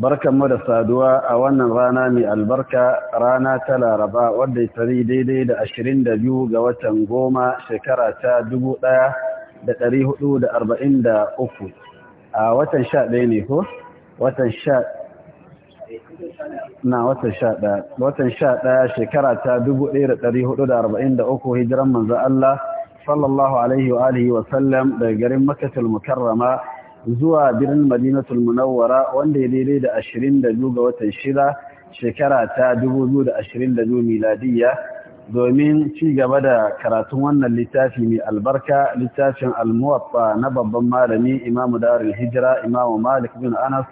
Barkar da saduwa a wannan rana mai albarka rana ta laraba wadda tari daidai da ashirin da biyu ga watan goma shekara ta dubu ɗaya da ɗari da arba'in da uku a watan sha ne ko watan na watan sha shekara ta dubu ɗaya da ɗari da arba'in da uku hijiran manzo Allah sallallahu alaihi wa alihi wa sallam daga garin makatul mukarrama zuwa birnin madinatul munawwara wanda ya daidai da 22 ga watan shida shekara ta 2022 miladiya domin ci gaba da karatun wannan littafi mai albarka littafin almuwatta na babban malami imamu darul hijira imamu malik bin anas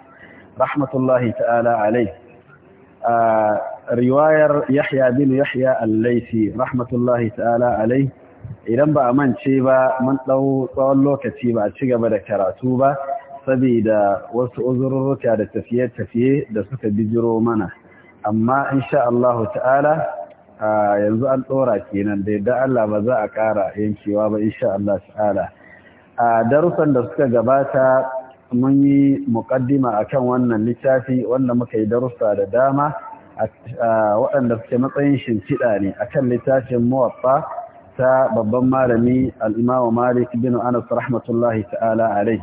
rahmatullahi ta'ala alai a ah, riwayar yahya bin yahya al-laisi rahmatullahi ta'ala alai idan ba a mance ba mun ɗau tsawon lokaci ba a ci gaba da karatu ba saboda wasu uzurruka da tafiye-tafiye da suka bijiro mana amma insha Allah ta'ala yanzu an ɗora kenan da yadda Allah ba za a ƙara yankewa ba insha Allah ta'ala a darussan da suka gabata mun yi muƙaddima akan wannan littafi wanda muka yi darussa da dama waɗanda suke matsayin shimfiɗa ne akan littafin muwaffa ta babban malami al'imamu malik bin anas rahmatullahi ta'ala a alai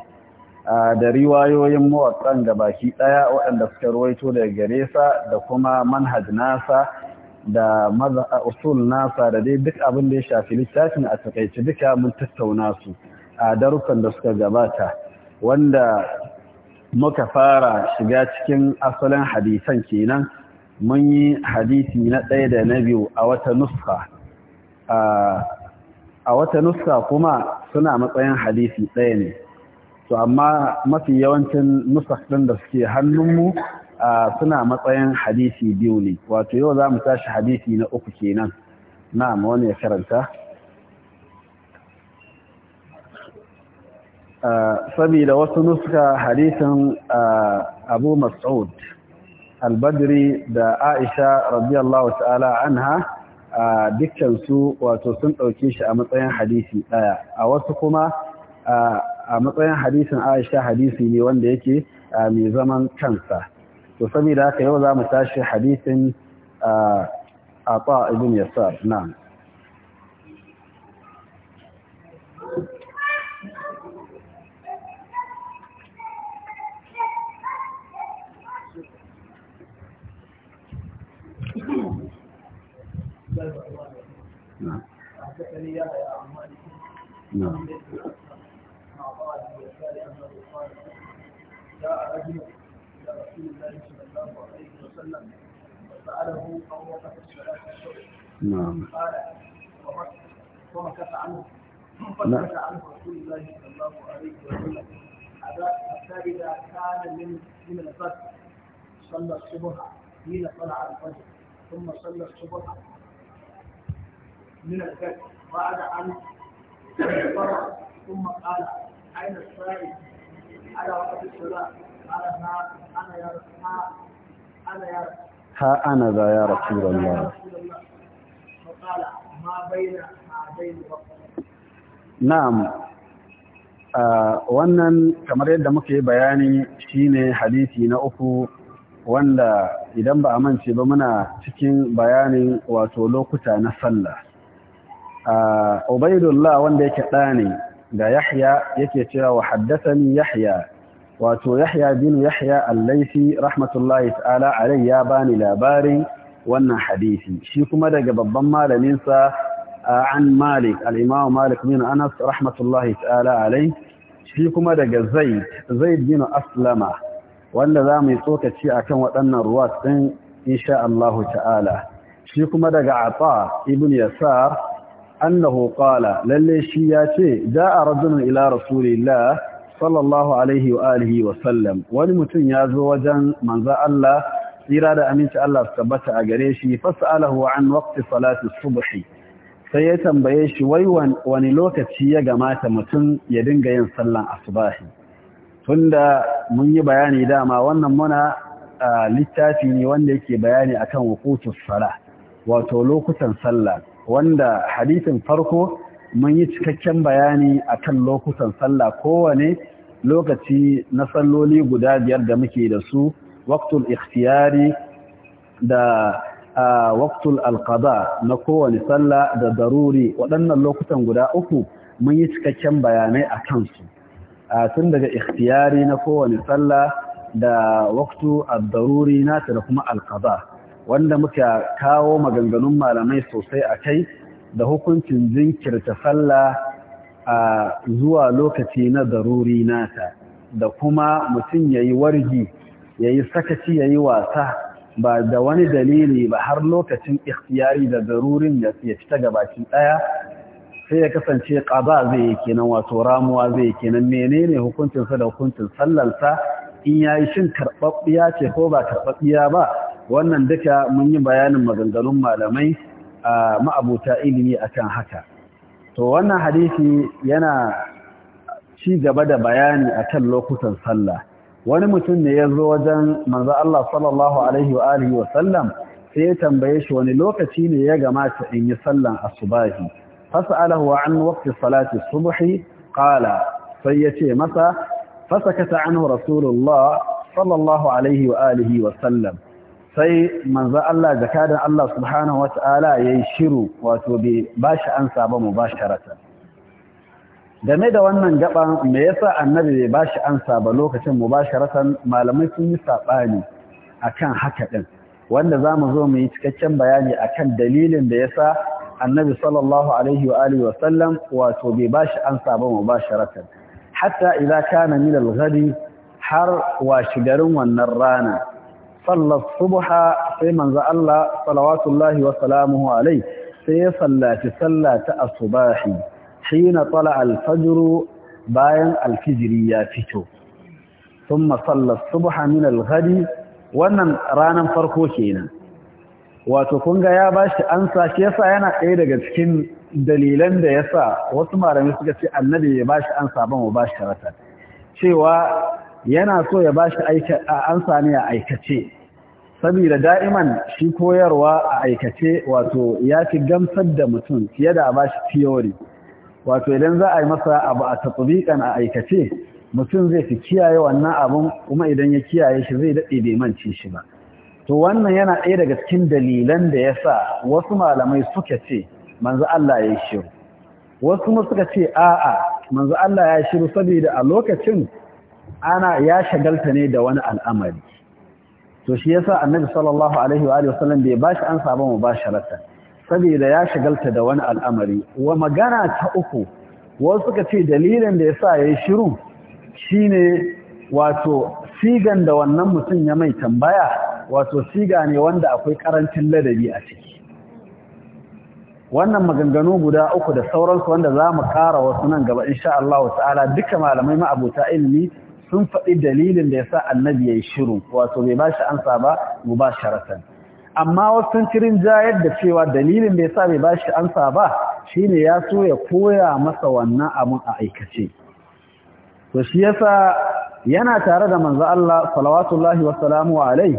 da riwayoyin mawaƙan da baki ɗaya waɗanda suka ruwaito daga gare sa da kuma manhaj nasa da usul nasa da dai duk abin da ya shafi littafin a takaice duka mun tattauna su a darukan da suka gabata wanda muka fara shiga cikin asalin hadisan kenan mun yi hadisi na ɗaya da na biyu a wata nuska a wata nuska kuma suna matsayin hadisi ɗaya ne to amma mafi yawancin nusak ɗin da suke hannunmu suna matsayin hadisi biyu ne wato yau za mu tashi hadisi na uku kenan na wani ya karanta saboda wasu nuska hadisin abu mas'ud badri da aisha radiyallahu ta'ala anha dukkan su wato sun ɗauke shi a matsayin hadisi ɗaya a wasu kuma a matsayin hadisin aisha hadisi ne wanda yake mai zaman kansa to saboda haka yau za mu tashi hadisin a ibn yasar na'am نعم نعم جاء رجل الى رسول الله صلى الله عليه وسلم فساله عن وقت صلاه الصبح نعم قال ومكث عنه فمكث نعم. عنه رسول الله صلى الله عليه وسلم حتى اذا كان من من الفجر صلى الصبح حين طلع الفجر ثم صلى الصبح من الكتب بعد أن فرغ ثم قال أين السائل على وقت الصلاة قال ها أنا يا رسول أنا يا ها أنا ذا يا رسول الله فقال ما بين ما هذين نعم wannan kamar yadda muka yi bayani shine hadisi na uku wanda idan ba a mance ba muna cikin bayanin wato lokuta na sallah ubaidullah wanda yake ne da yahya yake cewa wa haddathani yahya wato yahya bin yahya al laythi rahmatullahi ta'ala alayhi ya bani labarin wannan hadisi shi kuma daga babban malaminsa an malik al-imam malik bin anas rahmatullahi ta'ala alayhi shi kuma daga zaid zaid bin aslama wanda za mu yi tsokaci akan waɗannan ruwat ɗin insha Allah ta'ala shi kuma daga ata ibn yasar annahu qala lalle shi ya ce a rajulun ila rasulillah sallallahu alaihi wa alihi wa sallam wani mutum ya zo wajen manzo Allah tsira da aminci Allah su tabbata a gare shi fasalahu an waqti salati subhi sai ya tambaye shi wai wani lokaci ya gamata mutum ya dinga yin sallan asubahi tunda mun yi bayani dama wannan muna littafi ne wanda yake bayani akan wuqutus sala wato lokutan sallah wanda hadisin farko mun yi cikakken bayani akan lokutan sallah kowane lokaci na salloli guda biyar da muke da su waqtul ikhtiyari da waqtul alqada na kowane sallah da daruri waɗannan lokutan guda uku mun yi cikakken bayanai a kansu A tun daga ikhtiyari na kowane sallah da waqtu ad-daruri nata da kuma alqada wanda muka kawo maganganun malamai sosai a kai da hukuncin jinkirta sallah a zuwa lokaci na daruri nata da kuma mutum ya yi wargi ya yi sakaci ya yi wasa ba da wani dalili ba har lokacin ikhtiyari da darurin ya fita gabashin ɗaya? sai ya kasance ƙaba zai yi kenan wato ramuwa zai yi kenan menene hukuncin sa da hukuncin sallarsa in yayi shin karbabbiya ce ko ba karbabbiya ba wannan duka mun yi bayanin maganganun malamai a ma'abuta ilimi akan haka to wannan hadisi yana ci gaba da bayani akan lokutan sallah wani mutum ne ya zo wajen manzo Allah sallallahu alaihi wa alihi wa sallam sai ya tambaye shi wani lokaci ne ya gamata in yi sallan asubahi fas'alahu an waqti salati subhi qala sai yace masa fasakata anhu rasulullah sallallahu alaihi wa alihi wa sallam sai manzo Allah jakadan Allah subhanahu wata'ala yayi shiru wato bai bashi ansa ba mubasharatan game da wannan gaban, me yasa annabi bai bashi ansa ba lokacin mubasharatan malamai sun yi sabani akan haka din wanda zamu zo mu yi cikakken bayani akan dalilin da yasa annabi sallallahu alaihi wa alihi wa sallam wato bai bashi ansa ba mubasharatan hatta idza kana min al-ghadi har washigarin wannan rana sallar subha sai manzo Allah salawatullahi wa salamuhu alai sai ya sallaci sallata asubahi hina tala al-fajr bayan alfijiri ya fito thumma sallar subha min al-ghadi wannan ranan farko kenan wato kunga ya bashi ansa shi yasa yana ɗaya daga cikin dalilan da yasa wasu malamai suka ce annabi ya bashi ansa ban bashi rata cewa yana so ya bashi aika a ansa ne a aikace saboda da'iman shi koyarwa a aikace wato ya fi gamsar da mutum fiye da ba shi theory wato idan za a yi masa abu a tatsubikan a aikace mutum zai fi kiyaye wannan abun kuma idan ya kiyaye shi zai daɗe bai mance shi ba to wannan yana ɗaya daga cikin dalilan da ya sa wasu malamai suka ce manzo Allah ya shiru wasu ma suka ce a'a manzo Allah ya shiru saboda a lokacin ana ya shagalta ne da wani al'amari to shi yasa annabi sallallahu alaihi wa alihi wasallam bai bashi an saba mu basharatan saboda ya shagalta da wani al'amari wa magana ta uku wasu suka ce dalilin da yasa yayi shiru shine wato sigan da wannan mutum ya mai tambaya wato siga ne wanda akwai karancin ladabi a ciki wannan maganganu guda uku da sauransu wanda za mu kara wasu nan gaba insha Allah ta'ala duka malamai ma ma'abuta ilimi sun faɗi dalilin da ya sa annabi ya yi shiru wato bai ba shi ansa ba mu ba sharatan amma wasu sun jayar da cewa dalilin da ya sa bai ba shi ansa ba shi ne ya so ya koya masa wannan abun a aikace to shi yasa yana tare da manzo Allah salawatullahi wa salamu alai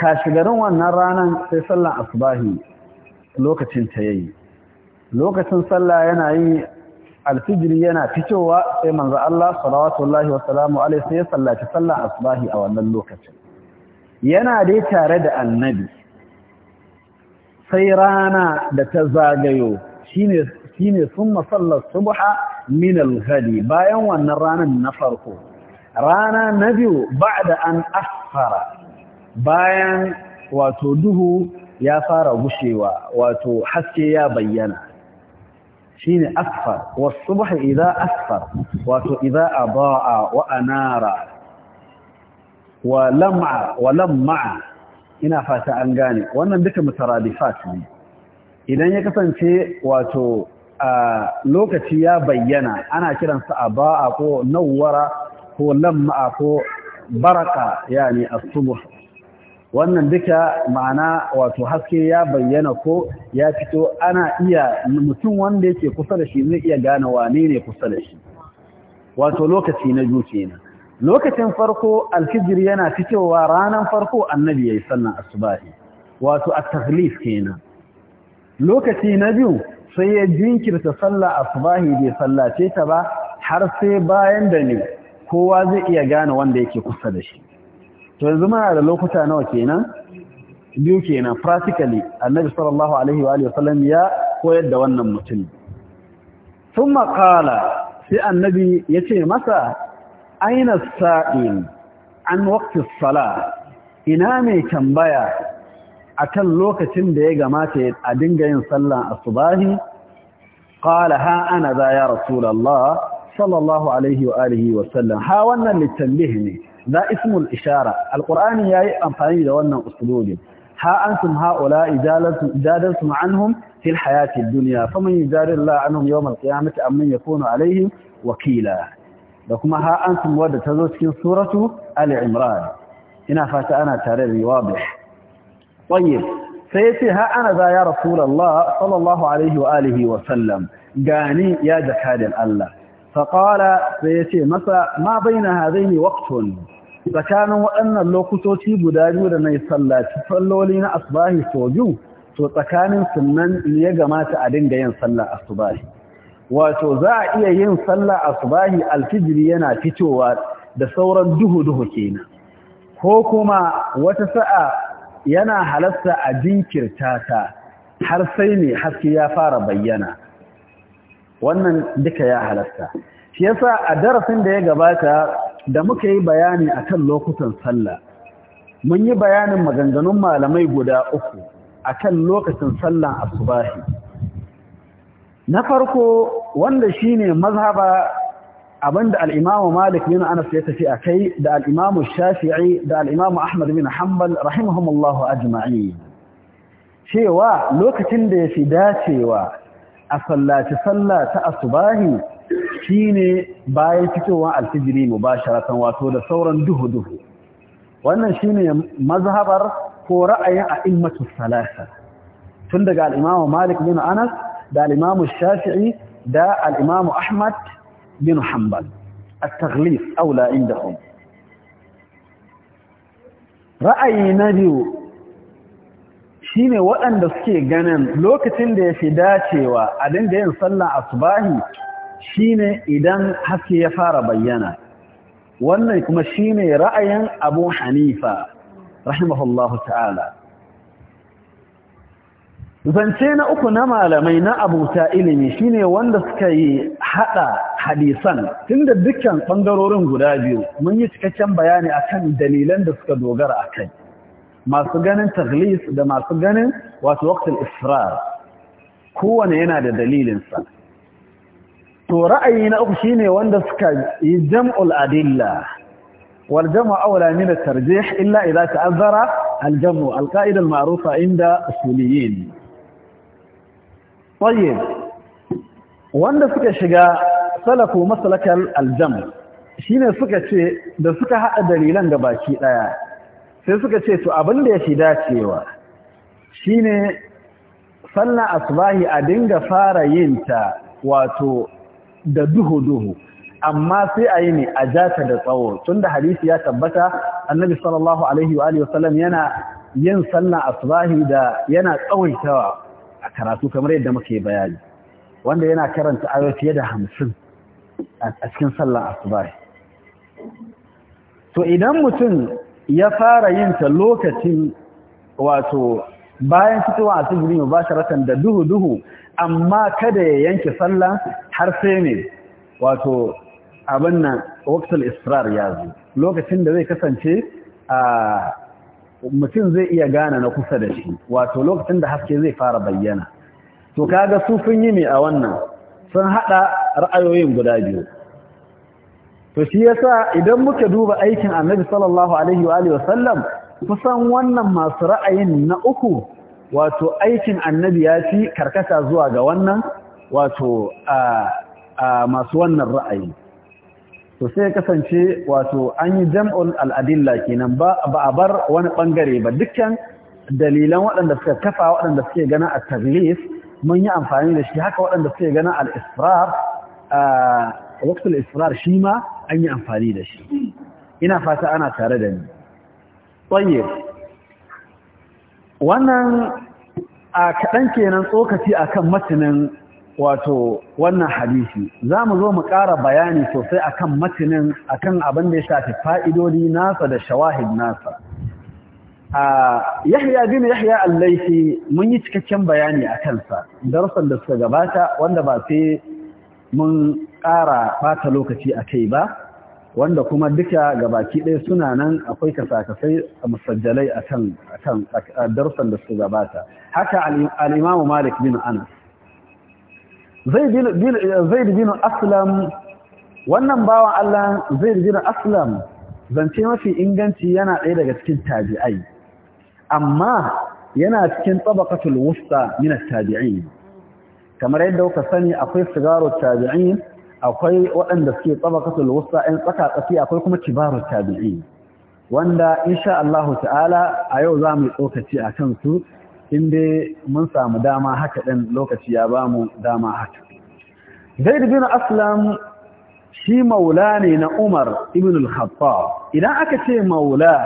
garin wannan ranar sai sallan asbahi lokacin ta yayi lokacin sallah yana yi alfijiri yana fitowa sai manzo Allah salawatullahi wasalamu alaihi sai ya sallaci sallar asbahi a wannan lokacin yana dai tare da annabi sai rana da ta zagayo shine shine summa sallar subha min bayan wannan ranan na farko rana na biyu ba'da an asfara bayan wato duhu ya fara gushewa wato haske ya bayyana shine asfar wa subh idha asfar wato idha adaa wa anara wa lam'a wa lam'a ina fata an gane wannan duka mutaradifat ne idan ya kasance wato a lokaci ya bayyana ana kiransa adaa ko nawwara ko lam'a ko baraka yani as-subh wannan duka ma'ana wato haske ya bayyana ko ya fito ana iya mutum wanda yake kusa da shi zai iya gane wane ne kusa da shi wato lokaci na juce kenan lokacin farko alfijir yana fitowa ranar farko annabi yayi sannan asubahi wato at kenan lokaci na biyu sai ya jinkirta sallah asubahi bai sallace ta ba har sai bayan da ne kowa zai iya gane wanda yake kusa da shi to yanzu muna da lokuta nawa kenan biyu kenan practically annabi sallallahu alaihi wa sallam ya koyar da wannan mutum Tun makala sai annabi ya ce masa aina sa'in an waktis sala ina mai tambaya akan lokacin da ya gamata a dinga yin sallan asubahi qala ha ana za ya rasulullah sallallahu alaihi wa alihi wa sallam ha wannan litanbih ne za ismul ishara ya yi amfani da wannan usulobin ha antum haula ijalatu ijadatu anhum fil hayati dunya faman yujadillahu anhum yawm alqiyamati amman yakunu alaihim wakila da kuma ha antum wadda tazo cikin suratu al-imran ina fata ana tare da wadih tayyib sai yace ha ana za ya rasulullah sallallahu alaihi wa alihi wa gani ya jakadan Allah faƙala sai ya ce masa ma bai na hazai ne waktun tsakanin waɗannan lokutoci guda biyu da na sallaci salloli na asubahi sau biyu to tsakanin sunan ne ya gamata a dinga yin sallah asubahi wato za a iya yin sallah asubahi alfijiri yana fitowa da sauran duhu-duhu kenan ko kuma wata sa'a yana halarta a jinkirta ta har sai mai haske ya fara bayyana wannan duka ya halasta shi yasa a darasin da ya gabata da muka yi bayani akan lokutan sallah mun yi bayanin maganganun malamai guda uku akan lokacin a asubahi na farko wanda shine mazhaba abinda al-Imam Malik bin Anas ya tafi a kai, da Al'imamu Shafi'i da Al'imamu imam Ahmad bin Hanbal rahimahumullahu ajma'in cewa lokacin da ya fi dacewa a sallaci sallah ta asubahi shine bayan fitowar alfijiri mubasharatan wato da sauran duhu duhu wannan shine mazhabar ko ra'ayin a'immatu salasa tun daga al Malik bin Anas da al Shafi'i da al-Imam Ahmad bin Hanbal at-taghlif aula indahum ra'ayi na biyu shine waɗanda suke ganin lokacin da ya fi dacewa a dinga yin sallah asubahi shine idan haske ya fara bayyana wannan kuma shine ra'ayin Abu Hanifa rahimahullahu ta'ala zance na uku na malamai na abuta ilimi shine wanda suka yi haɗa hadisan tunda dukkan bangarorin guda biyu mun yi cikakken bayani akan dalilan da suka dogara a kai masu ganin taglis da masu ganin wasu waktar israr kowane yana da dalilinsa to ra'ayi na uku shine wanda suka yi jam'ul adilla wal jam'u awla min at-tarjih illa idha ta'azzara al-jam'u al-qa'ida al-ma'rufa inda usuliyin tayyib wanda suka shiga salaku masalakal al-jam' shine suka ce da suka hada dalilan baki daya sai suka ce to abin da ya fi dacewa shine sallar asbahi a dinga fara yin ta wato da duhu-duhu amma sai a yi ne a jata da tsawo tunda hadisi ya tabbata annabi sallallahu alaihi wa alihi wasallam yana yin sallar asbahi da yana tsawaitawa a karatu kamar yadda muke bayani wanda yana karanta ayo fiye da hamsin a cikin sallar asbahi to idan mutum ya fara yin ta lokacin wato bayan fitowa a tubiri mubasharatan da duhu duhu amma kada ya yanke sallah har sai ne wato abin nan waqtul israr ya zo lokacin da zai kasance a mutum zai iya gane na kusa da shi wato lokacin da haske zai fara bayyana to kaga su sun yi ne a wannan sun hada ra'ayoyin guda biyu to shi yasa idan muka duba aikin annabi sallallahu alaihi wa alihi wasallam kusan wannan masu ra'ayin na uku wato aikin annabi ya fi karkata zuwa ga wannan wato a masu wannan ra'ayi to sai kasance wato an yi jam'ul al'adilla kenan ba a bar wani bangare ba dukkan dalilan waɗanda suka kafa waɗanda suke gana a taglif mun yi amfani da shi haka waɗanda suke gana al-israr A waktar israr shi ma an yi amfani da shi ina fata ana tare da ni tayyib wannan a kaɗan kenan tsokaci akan matinin wato wannan hadisi za mu zo mu ƙara bayani sosai akan a akan abin da ya shafi fa'idodi nasa da shawahid nasa yahya bin yahya al-laifi, mun yi cikakken bayani a kansa darussan da suka gabata wanda ba sai mun ƙara fata lokaci a kai ba wanda kuma duka ga baki ɗaya suna nan akwai kasakasai a musajjalai a kan darsan da su gabata haka al'imamu malik bin anas zai bin aslam wannan bawan allah zai bin aslam zance mafi inganci yana ɗaya daga cikin tabi'ai amma yana cikin tsabakatul wusta min tabi'in kamar yadda kuka sani akwai sigarar tabi'in akwai waɗanda suke su lusa ɗan tsaka tsaki akwai kuma kibaru tabi'i wanda insha Allah ta'ala a yau za mu tsokaci a kansu inda mun samu dama haka ɗin lokaci ya ba mu dama haka. Zaid bin Aslam shi maula ne na Umar ibn al-Khattab. Idan aka ce maula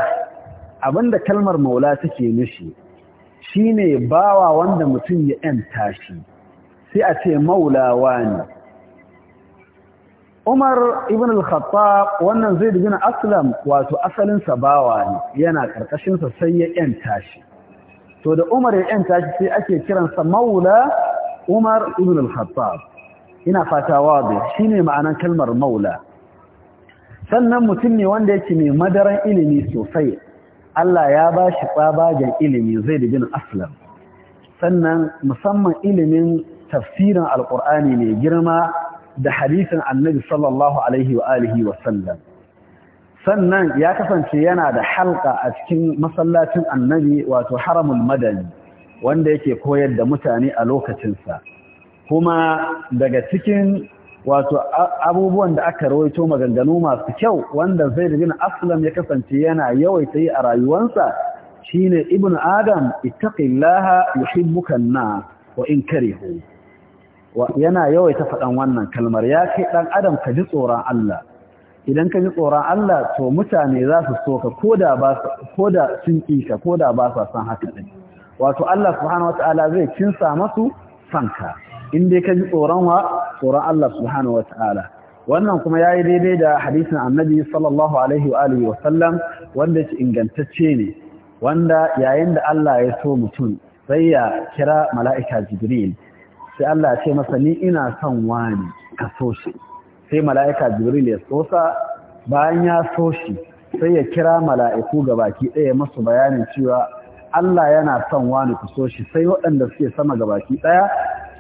abinda kalmar maula take nishi ne bawa wanda mutum ya ‘yanta shi, sai a ce maula wani. Umar ibn al-Khattab wannan Zaid bin Aslam wato asalin sa bawa ne yana karkashin sa sai ya yanta shi to da Umar ya yanta shi sai ake kiran sa Maula Umar ibn al-Khattab ina fata wazi shine ma'anar kalmar Maula sannan mutum ne wanda yake mai madaran ilimi sosai Allah ya bashi shi ilimi zai da bin aslam sannan musamman ilimin tafsirin al-Qur'ani ne girma da hadisin annabi sallallahu alaihi wa alihi wa sallam sannan ya kasance yana da halka a cikin masallacin annabi wato haramul madani wanda yake koyar da mutane a lokacinsa kuma daga cikin wato abubuwan da aka rawaito maganganu masu kyau wanda zai gina aslam ya kasance yana yawaita yi a rayuwansa shine ibnu adam ittaqillaha yuhibbuka an-nas wa in yana yawaita faɗan wannan kalmar ya kai ɗan adam ka ji tsoron Allah idan ka ji tsoron Allah to mutane za su so ka ko da sun ba sa san haka wato Allah subhanahu wataala zai kinsa masu sanka in dai ka ji tsoron wa tsoron Allah subhanahu wataala wannan kuma yayi daidai da hadisin Annabi sallallahu alaihi wa alihi wa sallam wanda yake ingantacce ne wanda yayin da Allah ya so mutum sai ya kira mala'ika Jibril sai Allah ya ce masa ni ina son wani ka so shi sai mala'ika jibril ya sosa bayan ya so shi sai ya kira mala'iku ga baki ɗaya masu bayanin cewa Allah yana son wani ku so shi sai waɗanda suke sama ga baki ɗaya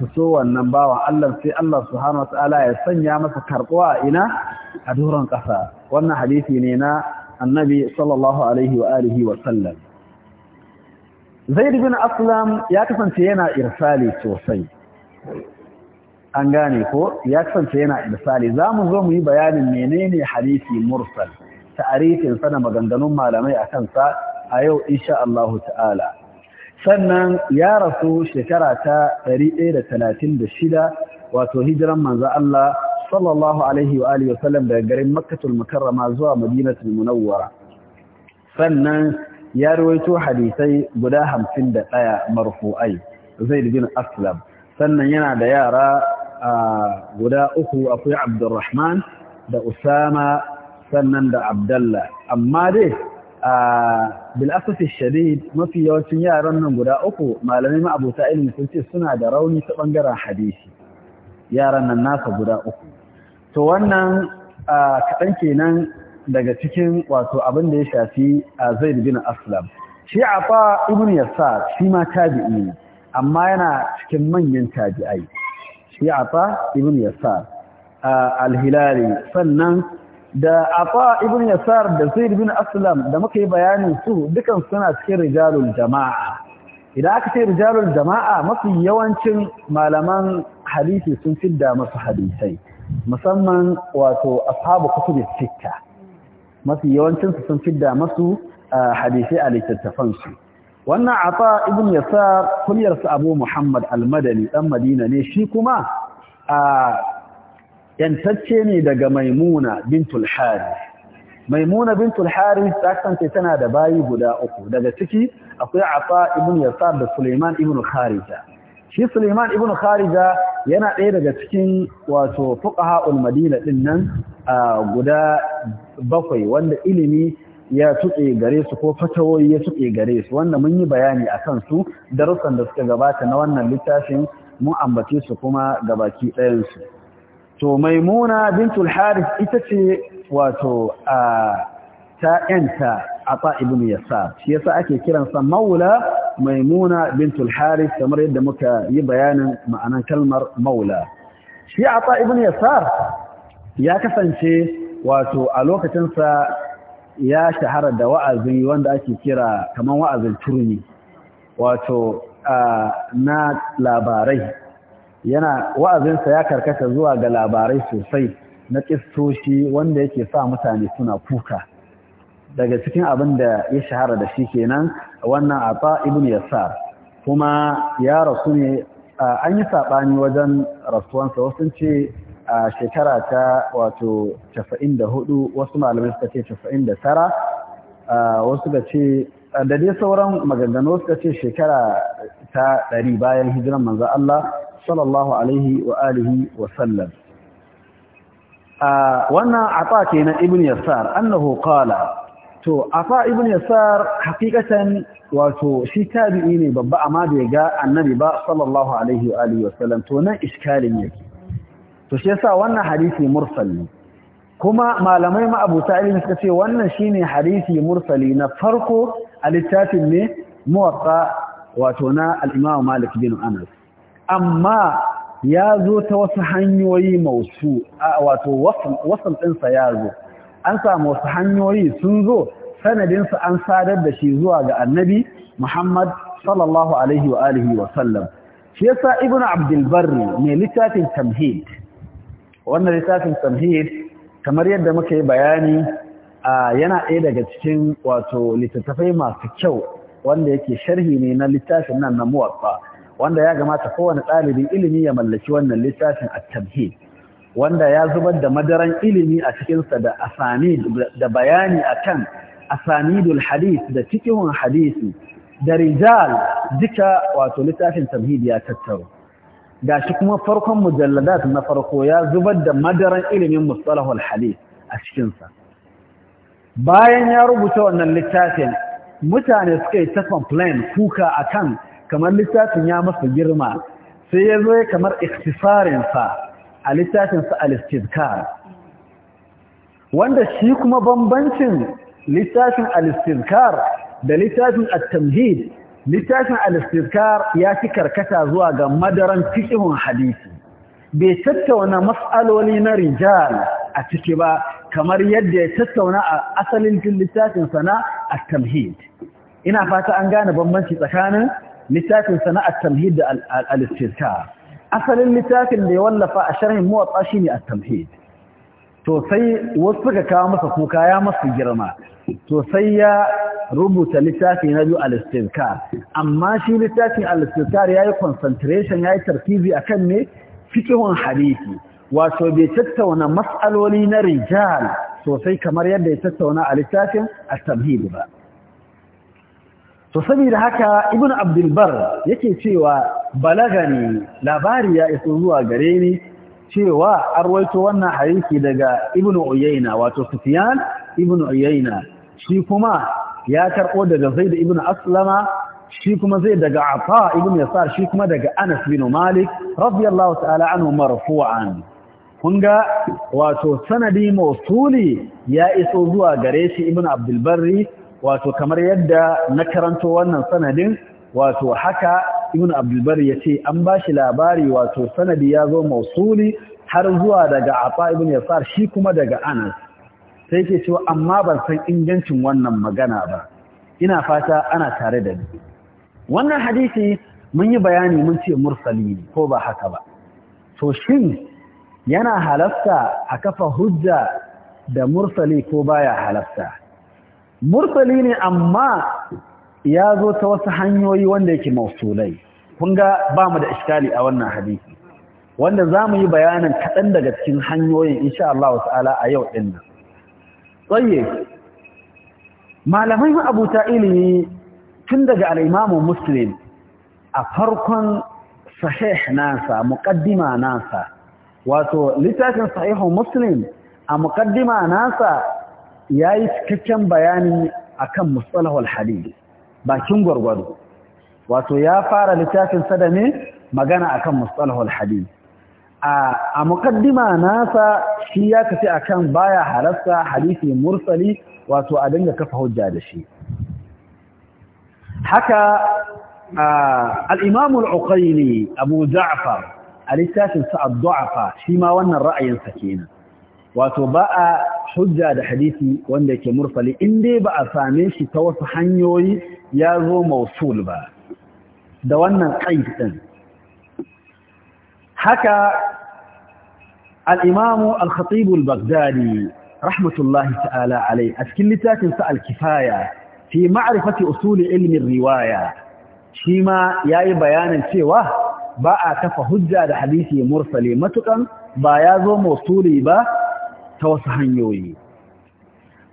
su so wannan bawan Allah sai Allah subhanahu wata'ala ya sanya masa karɓuwa a ina a doron ƙasa wannan hadisi ne na annabi sallallahu alaihi wa alihi wa sallam zaid bin aslam ya kasance yana irsali sosai an gane ko ya kasance yana misali za mu zo mu yi bayanin menene hadisi mursal ta'arifin sana maganganun malamai a kansa a yau insha Allah ta'ala sannan ya rasu shekara ta 136 wato hijiran manzo Allah sallallahu alaihi wa alihi wasallam daga garin Makkatul Mukarrama zuwa Madinatul Munawwara sannan ya rawaito hadisai guda 51 marfu'ai Zaid bin Aslam sannan yana da yara guda uku akwai abdurrahman da usama sannan da abdalla amma dai bil'asafi shadid mafi yawancin yaran nan guda uku malamai ma'abuta ilimi sun ce suna da rauni ta bangaren hadisi yaran nan nasa guda uku to wannan kaɗan kenan daga cikin wato abin da ya shafi a zaid bin aslam shi a fa ibn yasar shi ma tabi'i ne amma yana cikin manyan tabi'ai shi afa ibn yasar al-hilali sannan da afa ibn yasar da zaid ibn aslam da muka yi bayanin su dukan suna cikin rijalul jama'a idan aka ce rijalul jama'a mafi yawancin malaman hadisi sun fidda masu hadisai musamman wato ashabu kutubi sitta mafi yawancin su sun fidda masu hadisai a littattafan wannan Afa ibn yasar kunyarsa abu muhammad al-madani dan madina ne shi kuma a yantacce ne daga maimuna bintul harith maimuna bintul harith ta tana da bayi guda uku daga ciki akwai Afa ibn yasar da suleiman ibn kharija shi suleiman ibn kharija yana ɗaya daga cikin wato fuqaha ul madina din nan guda bakwai wanda ilimi ya tutse gare su ko fatawoyi ya tutse gare su wanda mun yi bayani a kan su darussan da suka gabata na wannan littafin mun ambace su kuma gabaki ɗayansu to maimuna bintul haris ita ce wato a ta yanta ata ibn yasar shi yasa ake kiransa maula maimuna bintul haris kamar yadda muka yi bayanin ma'anar kalmar maula shi a ata ibn yasar ya kasance wato a lokacinsa ya shahara da wa'azin wanda ake kira kamar wa'azin turmi wato na labarai yana wa'azinsa ya karkata zuwa ga labarai sosai na ƙistoshi wanda yake sa mutane suna kuka daga cikin abin da ya shahara da shi kenan wannan ata ibn yasar kuma ya rasu ne an yi saɓani wajen rasuwansa wasu ce a shekara ta wato 94 wasu malamai suka ce 99 wasu suka ce da dai sauran maganganu suka ce shekara ta 100 bayan hijiran manzo Allah sallallahu alaihi wa alihi wa sallam wannan ata kenan ibn yasar annahu qala to afa ibn yasar hakikatan wato shi tabi'i ne babba amma bai ga annabi ba sallallahu alaihi wa alihi wa sallam to nan iskalin yake to shi yasa wannan hadisi mursali kuma malamai Abu Sa'id suka ce wannan shine hadisi mursali na farko a littafin ne muwatta wato na al-Imam Malik bin Anas amma ya zo ta wasu hanyoyi mausu wato wasan ɗinsa ya zo an samu wasu hanyoyi sun zo sanadinsa an sadar da shi zuwa ga annabi Muhammad sallallahu alaihi wa alihi wa sallam shi yasa ibnu abdul barri mai littafin tamhid wannan littafin tamhid kamar yadda muka yi bayani yana ɗaya daga cikin wato littattafai masu kyau wanda yake sharhi ne na littafin nan na muwaffa wanda ya gamata kowane ɗalibin ilimi ya mallaki wannan littafin a tamhid wanda ya zubar da madaran ilimi a cikinsa da asani da bayani a kan asanidul hadith da cikin hadisi da rijal duka wato littafin tamhid ya tattaro gashi kuma farkon mujalladat na farko ya zubar da madaran ilimin mustalahul hadith a cikinsa bayan ya rubuta wannan littafin mutane suka yi ta complain kuka akan kamar littafin ya masa girma sai ya zo kamar iktisarinsa a littafinsa al-istizkar wanda shi kuma bambancin littafin al-istizkar da littafin at-tamhid littafin al ya fi karkata zuwa ga madaran cikin hadisi bai tattauna matsaloli na rijal a ciki ba kamar yadda ya tattauna a asalin littafin sana a tamhid ina fata an gane bambanci tsakanin littafin sana a tamhid da al asalin littafin da ya wallafa a sharhin shi ne a tamhid to sai wasu suka kawo masa kuka ya masu girma to sai ya rubuta littafi na biyu al amma shi littafin al-istizkar yayi concentration yayi tarkizi akan ne fiqhun hadisi wato bai tattauna mas'aloli na rijal sosai kamar yadda ya tattauna a littafin at ba to saboda haka ibn Abdulbar bar yake cewa balagani labari ya iso zuwa gare ni cewa arwaito wannan hadisi daga ibn uyayna wato sufyan ibn uyayna shi kuma ya karɓo daga da ibn aslama shi kuma zai daga ata ibn yasar shi kuma daga anas bin malik radiyallahu ta'ala anhu marfu'an kun ga wato sanadi mausuli ya iso zuwa gare shi ibn abdul barri wato kamar yadda na karanto wannan sanadin wato haka ibn abdul barri yace an ba shi labari wato sanadi ya zo mausuli har zuwa daga ata ibn yasar shi kuma daga anas sai ke cewa amma ban san ingancin wannan magana ba ina fata ana tare da ni wannan hadisi mun yi bayani mun ce mursali ne ko ba haka ba to shin yana halasta a kafa hujja da mursali ko baya halasta mursali ne amma ya zo ta wasu hanyoyi wanda yake mausulai kun ga ba mu da iskali a wannan hadisi wanda za mu yi bayanin kaɗan daga cikin hanyoyin insha Allah ta'ala a yau ɗin tsaye malamai ma'abuta ilimi tun daga al'imamun muslim a farkon sahih nasa muƙaddima nasa wato littafin sahihun muslim a muƙaddima nasa ya yi cikakken bayani akan mustalahul hadith bakin gwargwado wato ya fara littafin sa da a magana akan mustalahul hadith a mukaddima nasa shi ya tafi akan baya halasta hadisi mursali wato a dinga kafa hujja da shi haka al-imam al-uqayli abu ja'far al shima duafa shi ma wannan ra'ayin sa kenan wato ba a hujja da hadisi wanda yake mursali in dai ba a same shi ta wasu hanyoyi ya zo mausul ba da wannan qaid din haka Al-Imamu al-khatibul bagdadi rahmatullahi ta'ala alai a cikin littafinsa al-kifaya fi ma'arifati usuli ilimin riwaya shi ma ya yi bayanin cewa ba a kafa hujja da hadisi mursali matukan ba ya zo mausuli ba ta wasu hanyoyi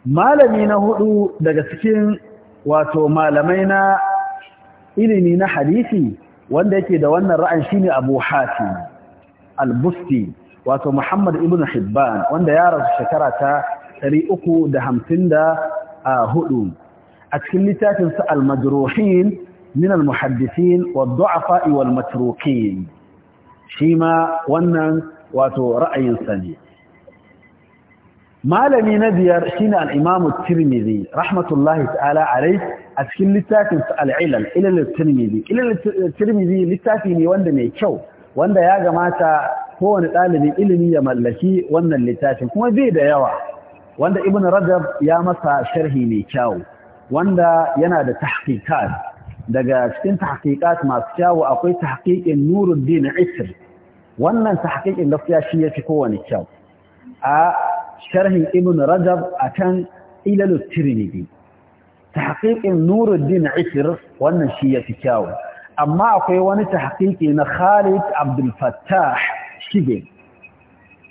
malami na hudu daga cikin wato malamai na ilimi na hadisi wanda yake da wannan ra'ayin shine Abu Hatim al-busti wato Muhammad ibn Hibban wanda ya rasu shekara ta 354 a cikin littafin sa al-majruhin min al-muhaddithin wad-du'afa wal-matrukin shi ma wannan wato ra'ayin sa ne malami na biyar shine al-imam at-tirmidhi rahmatullahi ta'ala alayhi a cikin littafin sa al-ilal ilal at-tirmidhi ilal at-tirmidhi littafi ne wanda mai kyau wanda ya gamata kowane ɗalibin ilimi ya mallaki wannan littafin kuma bai da yawa wanda ibn rajab ya masa sharhi mai kyau wanda yana da tahqiqat daga cikin tahqiqat masu kyau akwai tahqiqin Nuruddin Isr wannan tahqiqin gaskiya shi fi kowane kyau a sharhin ibn rajab akan ilalut tirmidhi tahqiqin Nuruddin Isr wannan shi fi kyau amma akwai wani tahqiqi na Khalid Abdul Fattah Shige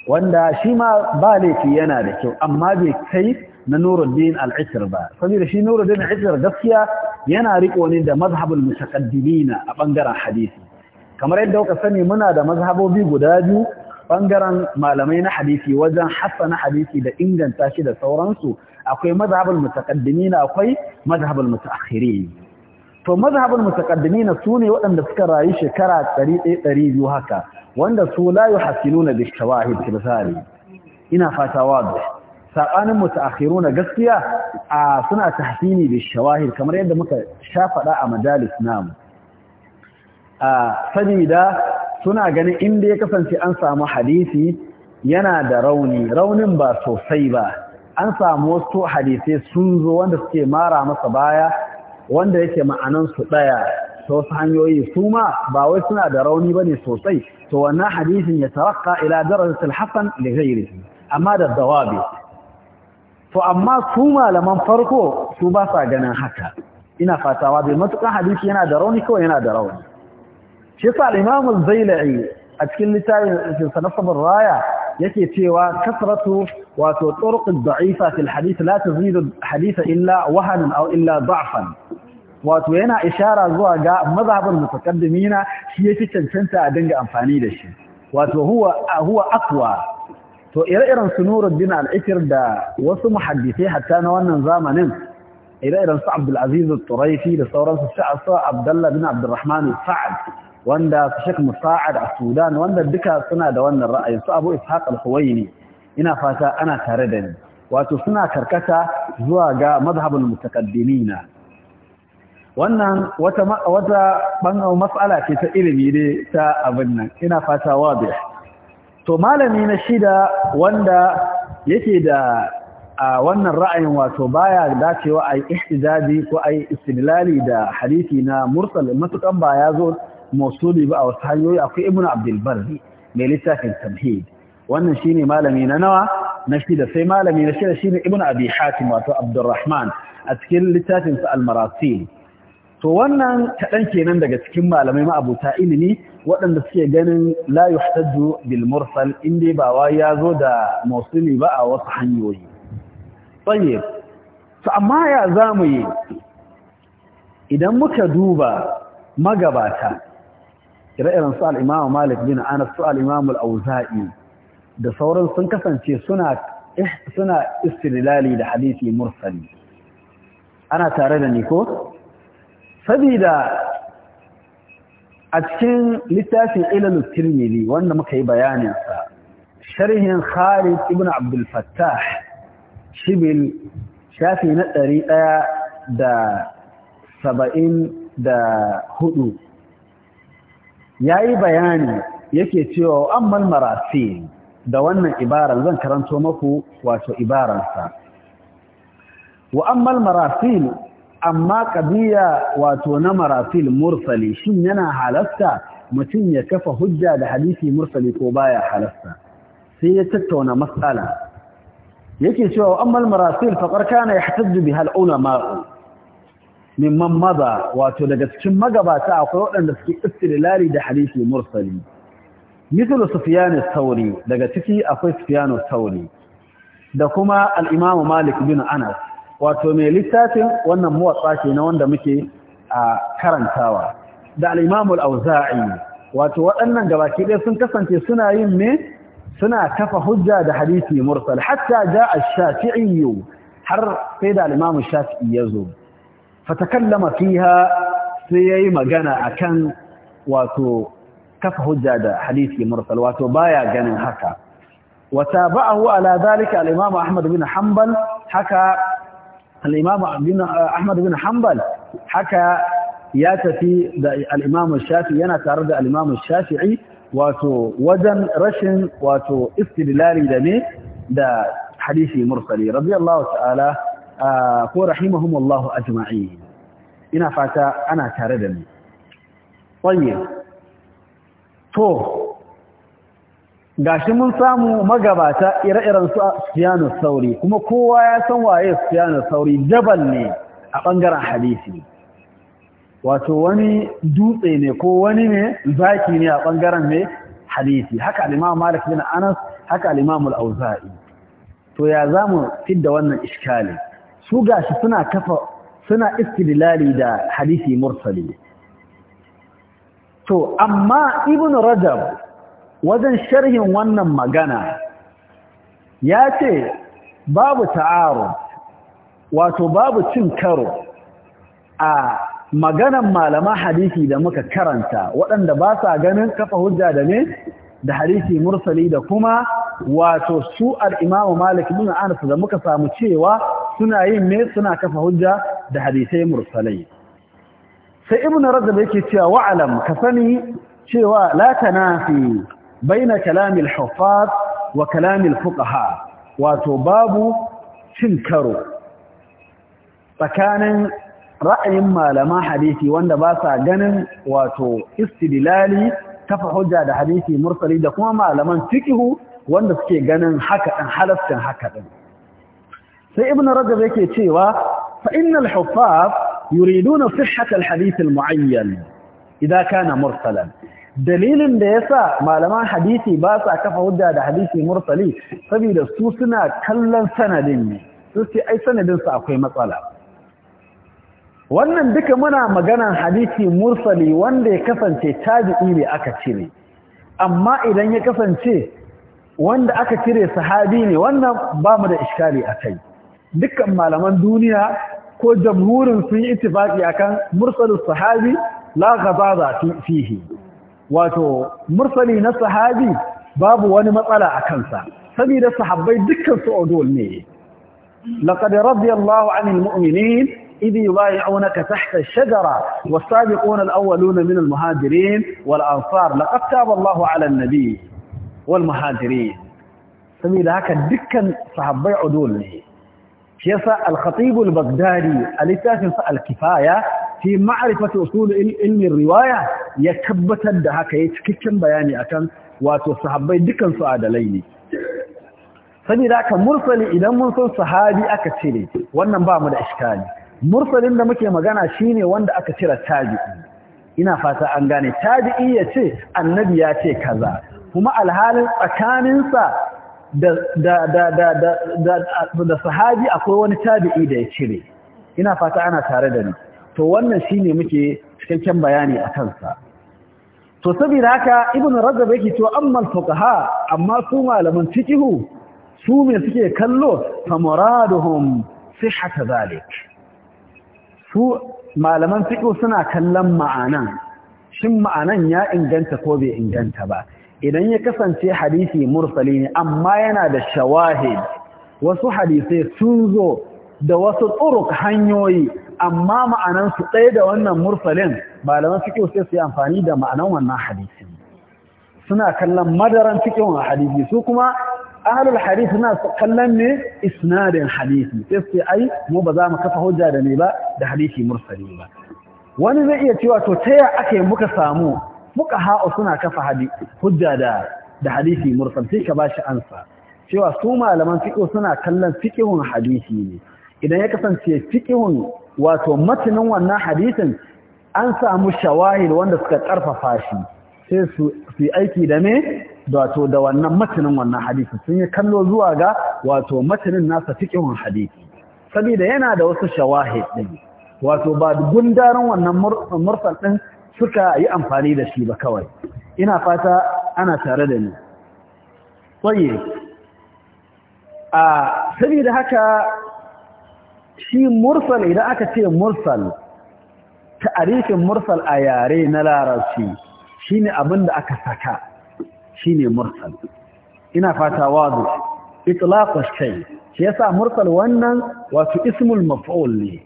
wanda shi ma ba laifi yana da kyau amma bai kai na Nuruddin Al-Isr ba saboda shi Nuruddin Al-Isr gaskiya yana riko ne da mazhabul mutaqaddimin a bangaren hadisi kamar yadda kuka sani muna da mazhabobi guda biyu bangaren malamai na hadisi wajen hassana hadisi da inganta shi da sauransu akwai mazhabul mutaqaddimin akwai mazhabul mutaakhirin to mazhabin mutaqaddimin sune waɗanda suka rayu shekara 100 haka wanda su la yuhasiluna bi shawahid misali ina fata wazi sabanin mutaakhiruna gaskiya a suna tahsini bi shawahid kamar yadda muka shafaɗa a majalis namu a sabida suna ganin inda ya kasance an samu hadisi yana da rauni raunin ba sosai ba an samu wasu hadisai sun zo wanda suke mara masa baya wanda yake ma'anan su ɗaya ta wasu hanyoyi su ma ba wai suna da rauni ba ne sosai to wannan hadisin ya tarakka ila darajatul hasan li ghairihi amma da dawabi to amma su malaman farko su ba sa ganin haka ina fatawa bai matukan hadisi yana da rauni kawai yana da rauni shi sa al-imam zailai a cikin littafin sanafar raya yake cewa kasratu wato turuq daifa fil hadith la tazidu hadith illa wahanan aw illa da'fan wato yana ishara zuwa ga mazhabin mutaqaddimina shi yake cancanta a dinga amfani da shi wato huwa huwa aqwa to ire-iren su Nuruddin al-Ikr da wasu muhaddisai hatta na wannan zamanin ire-iren su Abdul Aziz al-Turaifi da sauransu su Abdullah bin Abdurrahman al-Sa'd wanda Sheikh Musa'ad a Sudan wanda duka suna da wannan ra'ayi su Abu Ishaq al huwayni ina fata ana tare da ni wato suna karkata zuwa ga madhhabul mutaqaddimina wannan wata wata bangaren mas'ala ce ta ilimi ne ta abin nan ina fata wadih to malami na shida wanda yake da a wannan ra'ayin wato baya dacewa ai ihtijaji ko ai istidlali da hadisi na mursal matukan ba ya zo mausuli ba a wasu hanyoyi akwai ibn abdulbarri mai littafin tamhid wannan shine malami na nawa na shida sai malami na shida shine ibn abi hatim wato abdurrahman a cikin littafin sa al to wannan kaɗan kenan daga cikin malamai ma'abuta ilimi waɗanda suke ganin la yuhtaju bil mursal inda ba wa ya zo da mausuli ba a wasu hanyoyi tsaye to amma ya zamu yi idan muka duba magabata ire-iren su al'imamu malik bin anas su al'imamu al'auza'i da sauran sun kasance suna eh, suna da hadisi mursali ana tare da ni ko sabida a cikin littafin ilalus tirmidhi wanda muka yi bayaninsa sharhin khalid ibn abdulfattah shibil shafi na ɗari ɗaya da saba'in da hudu Ya yi bayani yake cewa ammal marasi da wannan ibaran zan karanto maku wato ibaransa wa ammal amma kabiya wato na marasil mursali shin yana halasta mutum ya kafa hujja da hadisi mursali ko baya halasta sai ya tattauna mas'ala yake cewa ammal marasil faqar kana yahtaddu biha al-ulama mimman maza wato daga cikin magabata akwai waɗanda suke istilali da hadisi mursali mithlu sufyan sauri daga ciki akwai sufyan sauri da kuma al-imam malik bin anas wato mai littafin wannan muwatsa na wanda muke a karantawa da al-imam al-auza'i wato waɗannan gabaki ɗaya sun kasance suna yin me suna kafa hujja da hadisi mursal hatta ja ash-shafi'i har sai da al-imam shafi'i ya zo fatakallama fiha sai yayi magana akan wato kafa hujja da hadisi mursal wato baya ganin haka watabahu ala zalika al-imam ahmad bin hanbal haka eh, bin hanbal haka ya tafi da al shafi yana tare da al-imam shafi'i wato wajen rashin wato istidlali da ne da hadisi mursali radiyallahu ta'ala ko rahimahumullahu ajma'in ina fata ana tare da ni wanye to gashi mun samu magabata ire-iren su Sufyan sauri kuma kowa ya san waye Sufyan sauri jabal ne a bangaren hadisi wato wani dutse ne ko wani ne zaki ne a bangaren ne hadisi haka al-Imam Malik bin Anas haka al-Imam al-Auza'i to ya zamu fidda wannan iskalin su gashi suna kafa suna istidlali da hadisi mursali to amma ibn rajab wajen sharhin wannan magana ya ce babu ta'aru wato babu cin karo a maganan malaman hadisi da muka karanta waɗanda ba sa ganin kafa hujja da ne da hadisi mursali da kuma wato su al-imamu malik ibn anas da muka samu cewa suna yin me suna kafa hujja da hadisai mursalai sai ibn rajab yake cewa wa'alam ka sani cewa la tanafi baina kalamil huffaz wa kalamil fuqaha wato babu cin karo tsakanin ra'ayin malama hadisi wanda ba sa ganin wato istidlali kafa hujja da hadisi mursali da kuma malaman fiqhu wanda suke ganin haka dan halastin haka din sai ibn rajab yake cewa fa innal huffaz yuriduna sihhat al hadith al muayyan idha kana mursalan dalilin da yasa malaman hadisi ba sa kafa hujja da hadisi mursali saboda su suna kallon sanadin ne su ce ai sanadin sa akwai matsala wannan duka muna maganan hadisi mursali wanda ya kasance tabi'i ne aka cire amma idan ya kasance wanda aka cire sahabi ne wannan ba mu da iskali a kai dukkan malaman duniya ko jamhurin sun yi ittifaki akan mursalus sahabi la ghabaza fihi wato mursali na sahabi babu wani matsala akan sa saboda sahabbai dukkan su odol ne laqad radiyallahu anil mu'minin idhi yubay'unaka tahta ash-shajara was-sabiquna al-awwaluna min al-muhajirin wal-ansar laqad taba Allahu 'ala an-nabi wal-muhajirin saboda haka dukkan sahabbai odol ne shi yasa al-khatib baghdadi a littafin sa al-kifaya fi ma'rifati usul ilmi riwaya ya tabbatar da haka ya cikakken bayani akan wato sahabbai dukan su adalai ne saboda haka mursali idan mun san sahabi aka cire wannan ba mu da iskali mursalin da muke magana shine wanda aka cire tabi'i ina fata an gane tabi'i yace annabi ya ce kaza kuma alhalin tsakaninsa da sahabi akwai wani tabi'i da ya cire ina fata ana tare da ni to wannan shine muke cikakken bayani a kansa to saboda haka ibn rajab yake cewa amma fuqaha amma su malaman fiqhu su me suke kallo fa muraduhum sihhat zalik su malaman fiqhu suna kallon ma'anan shin ma'anan ya inganta ko bai inganta ba idan ya kasance hadisi mursali ne amma yana da shawahid wasu hadisai sun zo da wasu tsuruk hanyoyi amma ma'anansu ɗaya da wannan mursalin malaman kyau sai su yi amfani da ma'anan wannan hadisi suna kallon madaran cikin hadisi su kuma ahalul hadisi na kallon ne isnadin hadisi sai su ai mu ba za mu kafa hujja da ne ba da hadisi mursali ba wani zai iya cewa to ta ya ake muka samu ha’o suna kafa hujja da da hadisi mursal sai ka bashi ansa cewa su malaman fiqh suna kallon fiqhun hadisi ne idan ya kasance fiqhun wato matanin wannan hadisin an samu shawahil wanda suka karfafa shi sai su yi aiki da me wato da wannan matanin wannan hadisi sun yi kallo zuwa ga wato matanin nasa fiqhun hadisi saboda yana da wasu shawahil din wato ba gundarin wannan mursal din suka yi amfani da shi ba kawai ina fata ana tare da ni tsaye a saboda haka shi mursal idan aka ce mursal ta'arifin mursal a yare na larabci shine abin da aka saka shine mursal ina fata wazo itlaqash shay shi yasa mursal wannan wato ismul maf'ul ne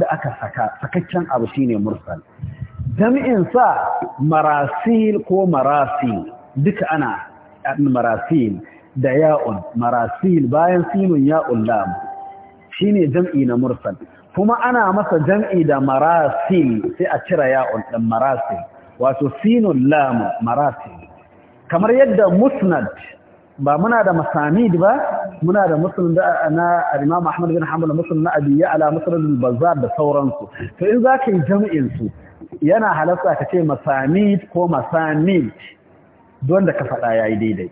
da aka saka sakakken abu shine mursal jami'in sa marasil ko marasil duka ana marasil da ya'un marasil bayan sinun ya'un lam shine jam'i na mursal kuma ana masa jam'i da marasil sai a cira ya'un ɗan marasil wato sinun lam marasil kamar yadda musnad ba muna da masanid ba muna da muslim da na al-Imam bin Hanbal muslim na bazzar da sauransu to in zaka yi jami'in su yana halasta ka ce masanid ko masanid don da ka faɗa ya yi daidai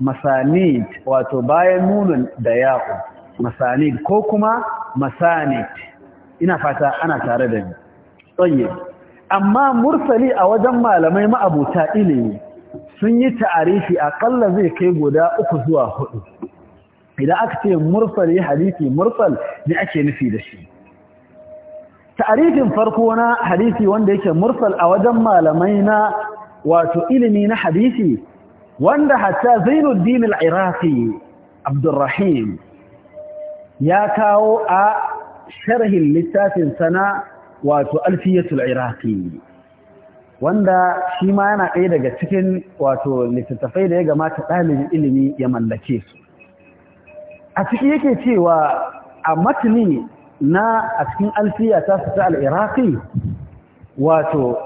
masanid wato bayan nuna da yaƙo masanid ko kuma masanid ina fata ana tare da ni tsaye amma mursali a wajen malamai ma'abuta ilimi sun yi ta'arifi aƙalla zai kai guda uku zuwa hudu idan aka ce mursali hadisi mursal ne ake nufi da shi ta'arifin farko na hadisi wanda yake mursal a wajen malamai na wato ilimi na hadisi wanda hatta Zainuddin al-Iraqi Abdurrahim ya kawo a sharhin littafin sana wato Alfiyatul Iraqi wanda shi ma yana ɗaya daga cikin wato littattafai da ya gamata ɗalibin ilimi ya mallake su a ciki yake cewa a matni na a cikin alfiya ta fita al'iraki wato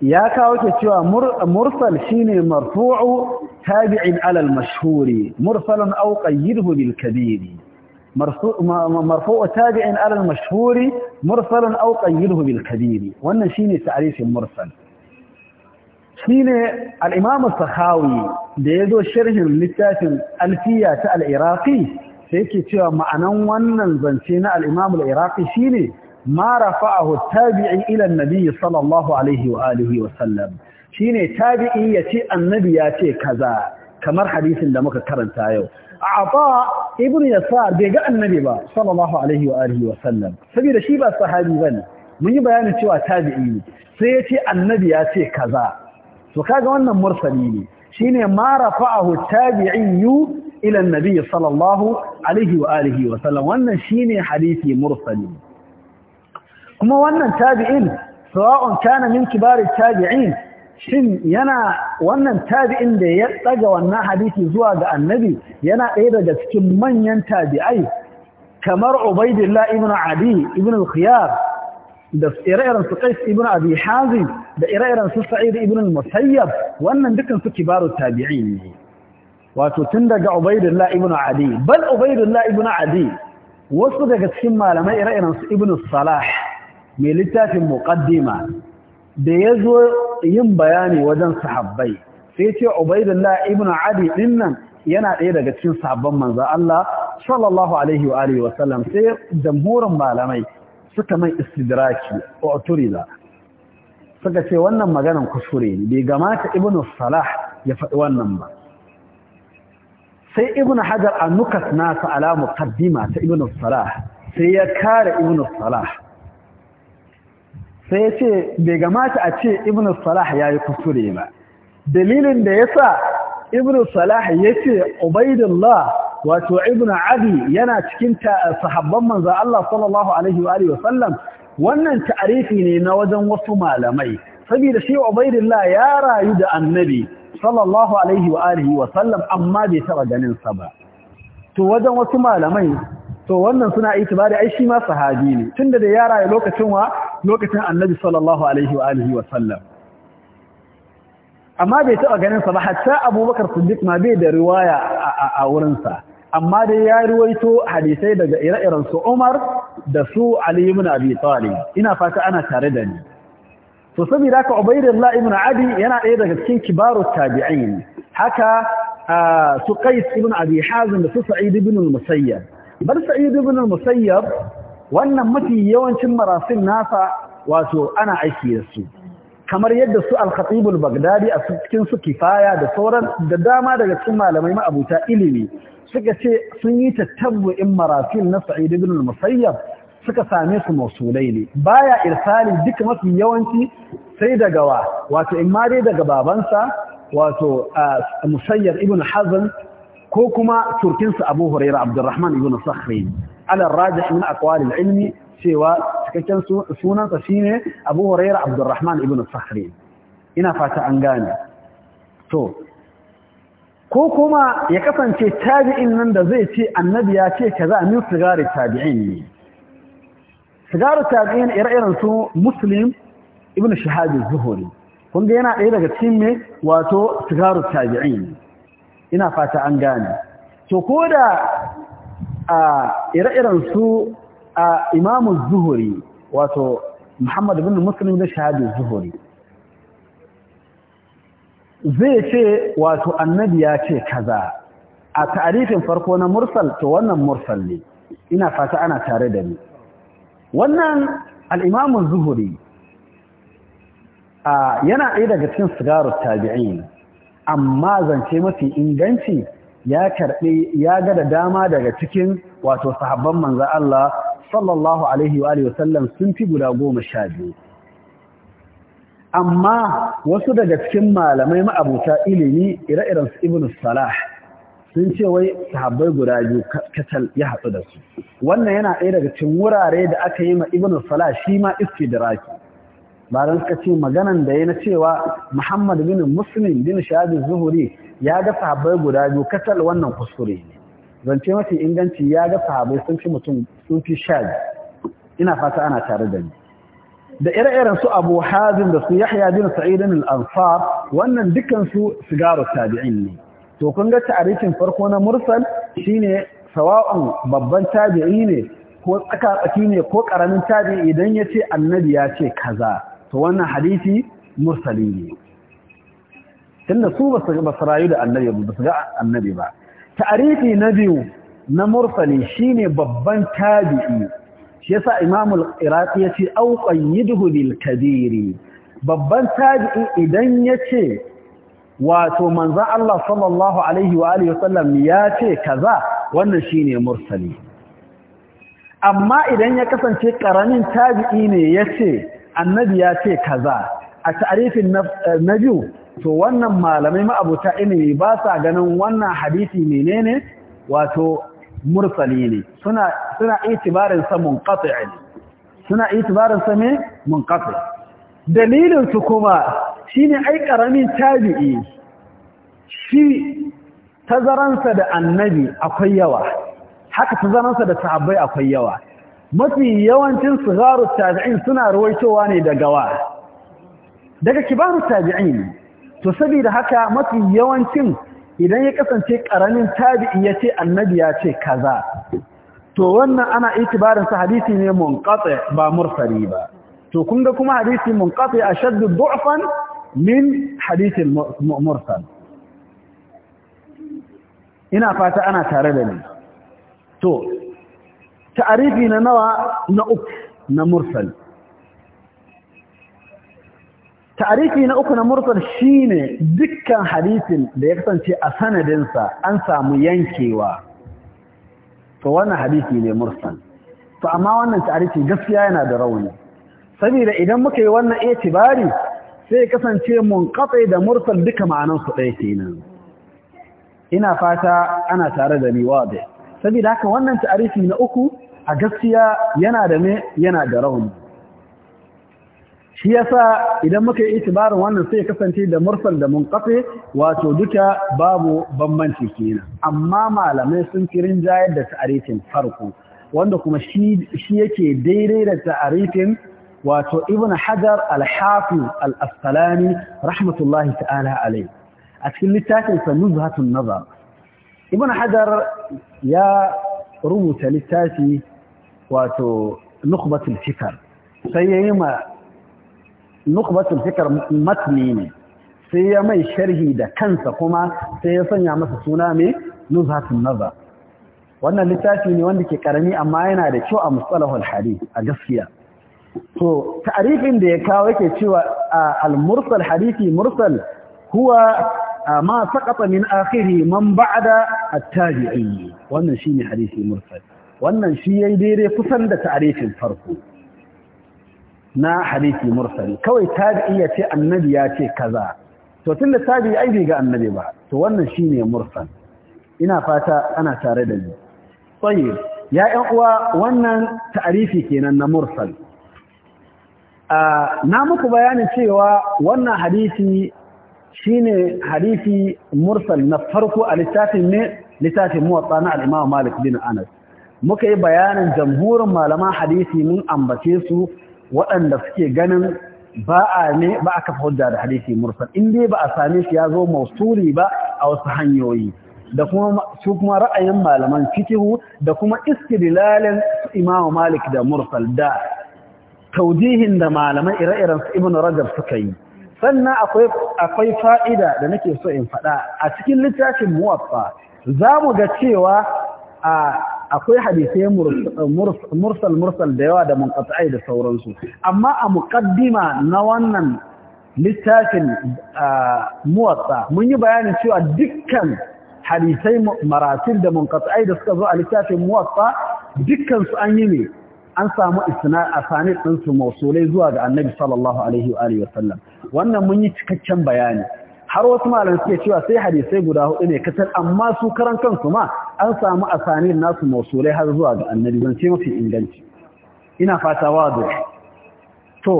ya kawo ke cewa mursal shine marfu'u tabi'in alal mashhuri mursalun aw qayyidhu bil kabiri marfu'u tabi'in alal mashhuri mursalun aw qayyidhu bil kabiri wannan shine ta'rifin mursal shine al-imam as-sakhawi da yazo sharhin littafin alfiya ta al-iraqi sai yake cewa ma'anan wannan zance na al-Imam iraqi shine ma rafa'ahu tabi'i ila an-nabi sallallahu alaihi wa alihi wa sallam shine tabi'i yace annabi ya ce kaza kamar hadisin da muka karanta yau a'ata ibnu yasar bai ga annabi ba sallallahu alaihi wa alihi wa sallam saboda shi ba sahabi bane mun yi bayanin cewa tabi'i ne sai yace annabi ya ce kaza to kaga wannan mursali ne shine ma tabi'in tabi'iyyu ila annabi sallallahu alaihi wa alihi wa sallam wannan ne hadisi mursali kuma wannan tabi'in sawa'un kana min kibarit tabi'in shin yana wannan tabi'in da ya tsaga wannan hadithi zuwa ga annabi yana ɗaya daga cikin manyan tabi'ai kamar ubaidillah ibn adi ibn al-khiyar da ire-iren su ibn Abi da ire-iren su Sa'id ibn al-Musayyab wannan dukan su kibaru tabi'i ne wato tun daga Ubaydullah ibn Adi bal Ubaydullah ibn Adi wasu daga cikin malamai ire-iren su Ibn Salah mai littafin muqaddima da yazo yin bayani wajen sahabbai sai ce Ubaydullah ibn Adi dinnan yana ɗaya daga cikin sabon manzo Allah sallallahu alaihi wa alihi wa sallam sai jamhurin malamai suka mai istidraki a turida suka ce wannan maganan kusure ne bai gama ta Ibn salah ya faɗi wannan ba sai Ibn hajar a nukas nasa ala kaddima ta Ibn salah sai ya kare Ibn salah sai ya ce bai ta a ce Ibn salah ya yi kusure ba dalilin da ya sa Ibn salah ya ce ubaidullah wato ibn abi yana cikin eh, sahabban manzo Allah sallallahu alaihi wa alihi wasallam wannan ta'arifi ne na wajen wasu malamai saboda shi ubaidillah ya rayu da annabi sallallahu alaihi wa alihi wasallam amma bai taba ganin sa ba to wajen wasu malamai to wannan suna itibari ai shi ma sahabi ne tunda da ya rayu lokacin wa lokacin annabi sallallahu alaihi wa alihi wasallam amma bai taɓa ganinsa ba hatta abubakar siddiq ma bai da riwaya a wurinsa amma dai ya ruwaito hadisai daga ire-iren su Umar da su Ali ibn Abi Talib ina fata ana tare da ni to saboda ka Ubaydullah ibn abi yana ɗaya daga cikin kibarut tabi'in haka su Qais ibn Abi Hazim da su Sa'id ibn al-Musayyab bar Sa'id ibn al-Musayyab wannan mafi yawancin marasin nasa wato ana aiki da su kamar yadda su al-khatibul bagdadi a cikin su kifaya da sauran da dama daga cikin malamai ma'abuta ilimi suka ce sun yi tattabu'in marafil na sa'id ibn al-musayyab suka same su mausulai ne baya irsali duka mafi yawanci sai daga wa wato ma dai daga babansa wato musayyab ibn hazm ko kuma turkinsa abu huraira abdurrahman ibn sakhri ala rajih min aqwal al-ilmi cewa cikakken sunansa shine Abu Hurairah Abdurrahman ibn Sakhri ina fata an gane to ko kuma ya kasance tabi'in nan da zai ce annabi ya ce a mil sigari tabi'in ne sigari tabi'in ire-iren su Muslim ibn shahadu zuhuri kunga yana ɗaya daga cikin mai wato sigari tabi'in ina fata an gane to ko da a ire-iren su a imamu zuhuri wato Muhammadu bin muslim da shahadu zuhuri zai ce wato annabi ya ce kaza a tarifin farko na mursal to wannan mursal ne ina fata ana tare da ni wannan al'imamu zuhuri yana ɗaya daga cikin sigarar tabi'in amma zance mafi inganci ya karɓi ya ga da dama daga cikin wato sahabban manza Allah sallallahu alaihi wa sallam sun fi guda goma sha biyu amma wasu daga cikin malamai ma'abuta ilimi ire-iren su ibn salah sun ce wai sahabbai guda biyu kacal ya haɗu da su wannan yana ɗaya daga cikin wurare da aka yi ma ibn salah shi ma istidraki ba don suka ce maganan da ya na cewa muhammad bin muslim bin shahadu zuhuri ya ga sahabbai guda biyu katal wannan kuskure ne zance mafi inganci ya ga sahabai sun fi mutum sun fi sha ina fata ana tare da ni da ire-iren su abu hazin da su yahya bin sa'idin al wannan dukkan su sigaru tabi'in ne to kun ga tarihin farko na mursal shine sawa'un babban tabi'i ne ko tsaka-tsaki ne ko karamin tabi'i idan ya ce annabi ya ce kaza to wannan hadisi mursali ne tunda su ba su rayu da annabi ba su ga annabi ba ta'arifi na biyu na mursali shine babban tabi'i shi yasa Imam al-Iraqi yace au qayyiduhu bil kabiri babban tabi'i idan yace wato manzon Allah sallallahu alaihi wa alihi wasallam yace kaza wannan shine mursali amma idan ya kasance ƙaramin tabi'i ne yace annabi ya ce kaza a ta'arifin na eh, biyu to wannan malamai ma'abuta ilimi ba sa ganin wannan hadisi menene wato mursali ne suna suna itibarin sa munqati' suna itibarin sa me munqati' dalilin su kuma shine ai karamin tabi'i shi tazaransa da annabi akwai yawa haka tazaransa da sahabbai akwai yawa mafi yawancin sigaru tabi'in suna ruwaitowa ne daga wa daga kibaru tabi'in to saboda haka mafi yawancin idan ya kasance karamin tabi'i ya ce annabi ya ce kaza to wannan ana itibarin sa hadisi ne munqati ba mursali ba to kunga kuma hadisi munqati ashadd du'fan min hadisi mursal ina fata ana tare da ni to ta'arifi na nawa na uku na mursal ta'arifi na uku na mursal shine dukkan hadisin da ya kasance a sanadinsa an samu yankewa to wannan hadisi ne mursal to amma wannan ta'arifi gaskiya yana da rauni saboda idan muka yi wannan itibari sai kasance mun munqati da mursal duka ma'anansu ɗaya kenan ina fata ana tare da ni wade saboda haka wannan ta'arifi na uku a gaskiya yana da me yana da rauni shi yasa idan muka yi itibarin wannan sai kasance da mursal da munqati wato duka babu bambanci kenan amma malamai sun kirin jayar da ta'aritin farko wanda kuma shi shi yake daidai da ta'aritin wato ibn hajar al al-asqalani rahmatullahi ta'ala alayhi a cikin littafin sa nuzhatun nazar ibn hajar ya rubuta littafi wato nukhbatul fikr sai yayi ma nukbatul fikr matni ne sai ya mai sharhi da kansa kuma sai ya sanya masa suna mai nuzhatun nazar wannan littafi ne wanda ke karami amma yana da kyau a mustalahul hadith a gaskiya to ta'rifin da ya kawo yake cewa al-mursal hadithi mursal huwa ma saqata min akhiri man ba'da at-tabi'i wannan shine hadisi mursal wannan shi yayi daidai kusan da ta'rifin farko na hadisi mursali kawai tabi'i ya ce annabi ya ce kaza to tunda tabi'i ai bai ga annabi ba to wannan shine mursal ina fata ana tare da ni tayyib ya ƴan uwa wannan ta'arifi kenan na mursal na muku bayanin cewa wannan hadisi shine hadisi mursal na farko a littafin ne littafin muwatta na al-Imam Malik bin Anas muka yi bayanin jamhurin malaman hadisi mun ambace su waɗanda suke ganin ba a ne ba kafa hujja da hadisi mursal in dai ba a same shi ya zo mausuli ba a wasu hanyoyi da kuma su kuma ra'ayin malaman fikihu da kuma istidlalin Imam Malik da mursal da taujihin da malaman ire-iren su Ibn Rajab suka yi sannan akwai akwai fa'ida da nake so in faɗa a cikin littafin muwaffa za mu ga cewa a akwai hadisai mursal mursal da yawa da munqati'i da sauransu amma a muƙaddima na wannan littafin muwatsa, mun yi bayani cewa dukkan hadisai maratil da munqati'i da suka zo a littafin muwatsa, dukkan su an yi ne an samu isna a sanid din mausulai zuwa ga annabi sallallahu alaihi wa alihi wannan mun yi cikakken bayani har wasu malam suke cewa sai hadisai guda hudu ne kasar amma su karan kansu ma an samu asanin nasu mausulai har zuwa ga annabi ce mafi inganci ina fata wazo to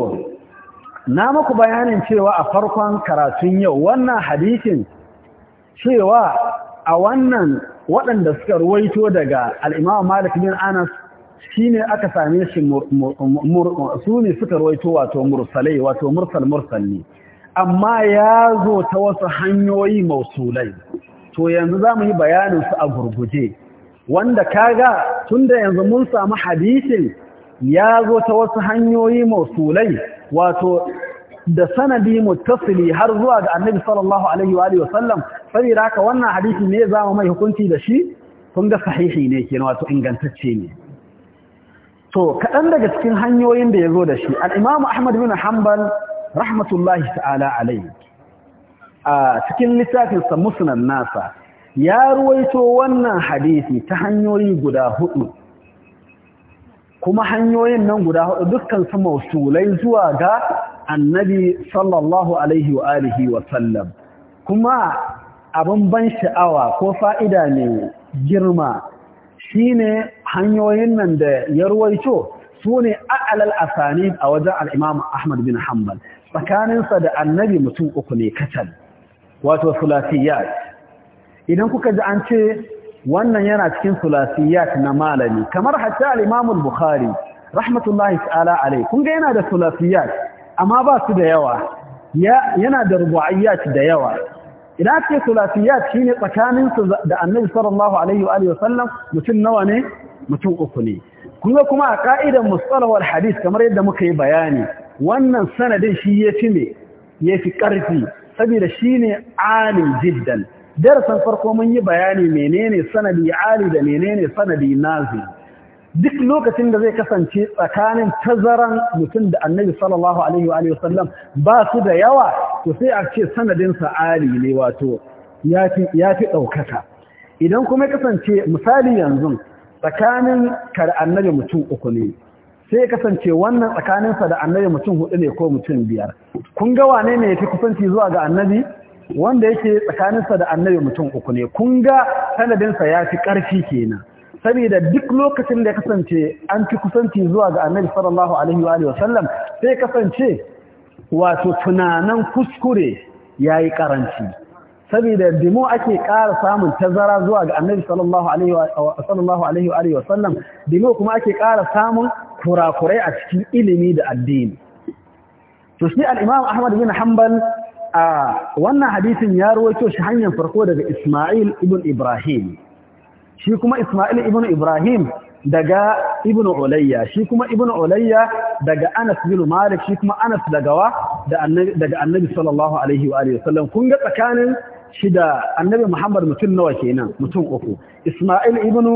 na muku bayanin cewa a farkon karatun yau wannan hadisin cewa a wannan waɗanda suka ruwaito daga al'imam malik bin anas shine aka same shi su ne suka ruwaito wato mursalai wato mursal mursal ne amma ya zo ta wasu hanyoyi mausulai to yanzu za mu yi bayaninsu a gurguje wanda kaga da yanzu mun samu hadisin ya zo ta wasu hanyoyi mausulai wato da sanadi muttasili har zuwa ga annabi sallallahu alaihi wa sallam. wasallam saboda haka wannan hadisi ne mu mai hukunci da shi kun ga sahihi ne wato ingantacce ne to kaɗan daga cikin hanyoyin da ya zo da shi al-Imam Ahmad bin Hanbal rahmatullahi ta'ala alaihi a cikin littafinsa musnan nasa ya ruwaito wannan hadisi ta hanyoyi guda hudu kuma hanyoyin nan guda hudu dukkan su mausulai zuwa ga annabi sallallahu alaihi wa alihi wa sallam kuma abin ban sha'awa ko fa'ida ne girma shine hanyoyin nan da ya ruwaito su ne a'alal asani a wajen Al-Imam Ahmad bin Hanbal tsakaninsa da annabi mutum uku ne kacal wato sulafiyat. idan kuka ji an ce wannan yana cikin sulafiyat na malami kamar hatta al-Imam bukhari rahmatullahi ta'ala alayhi kun ga yana da sulafiyat amma ba su da yawa yana da rubu'iyat da yawa idan ake sulasiyat shine tsakaninsa da Annabi sallallahu alaihi wa sallam mutum nawa ne mutum uku ne kun kuma a ka'idan mustalah wal hadith kamar yadda muka yi bayani wannan sanadin shi ya fi ne ya fi ƙarfi saboda shi ne alin jiddan darasin farko mun yi bayani menene sanadi ali da menene sanadi nazi duk lokacin da zai kasance tsakanin tazaran mutum da annabi sallallahu alaihi wa ba su da yawa to sai a ce sanadinsa ali ne wato ya fi ɗaukaka idan kuma kasance misali yanzu tsakanin kar annabi mutum uku ne sai ya kasance wannan tsakaninsa da annabi mutum hudu ne ko mutum biyar kun ga wane ne ya fi kusanci zuwa ga annabi wanda yake tsakaninsa da annabi mutum uku ne kun ga sanadinsa ya fi ƙarfi kenan saboda duk lokacin da ya kasance an fi kusanci zuwa ga annabi sallallahu alaihi wa sallam sai kasance wato tunanan kuskure ya yi ƙaranci saboda dimo ake ƙara samun tazara zuwa ga annabi sallallahu alaihi wa sallam dimo kuma ake ƙara samun kurakurai a cikin ilimi da addini to shi al’imam ahmad bin hanbal a wannan hadisin ya rawaito shi hanyar farko daga isma'il ibn ibrahim shi kuma isma'il ibn ibrahim daga ibn ulayya shi kuma ibn ulayya daga anas bin malik shi kuma anas daga wa daga annabi sallallahu alaihi wa sallam. wasallam kun ga tsakanin shi da annabi muhammad mutum nawa kenan mutum uku isma'il ibn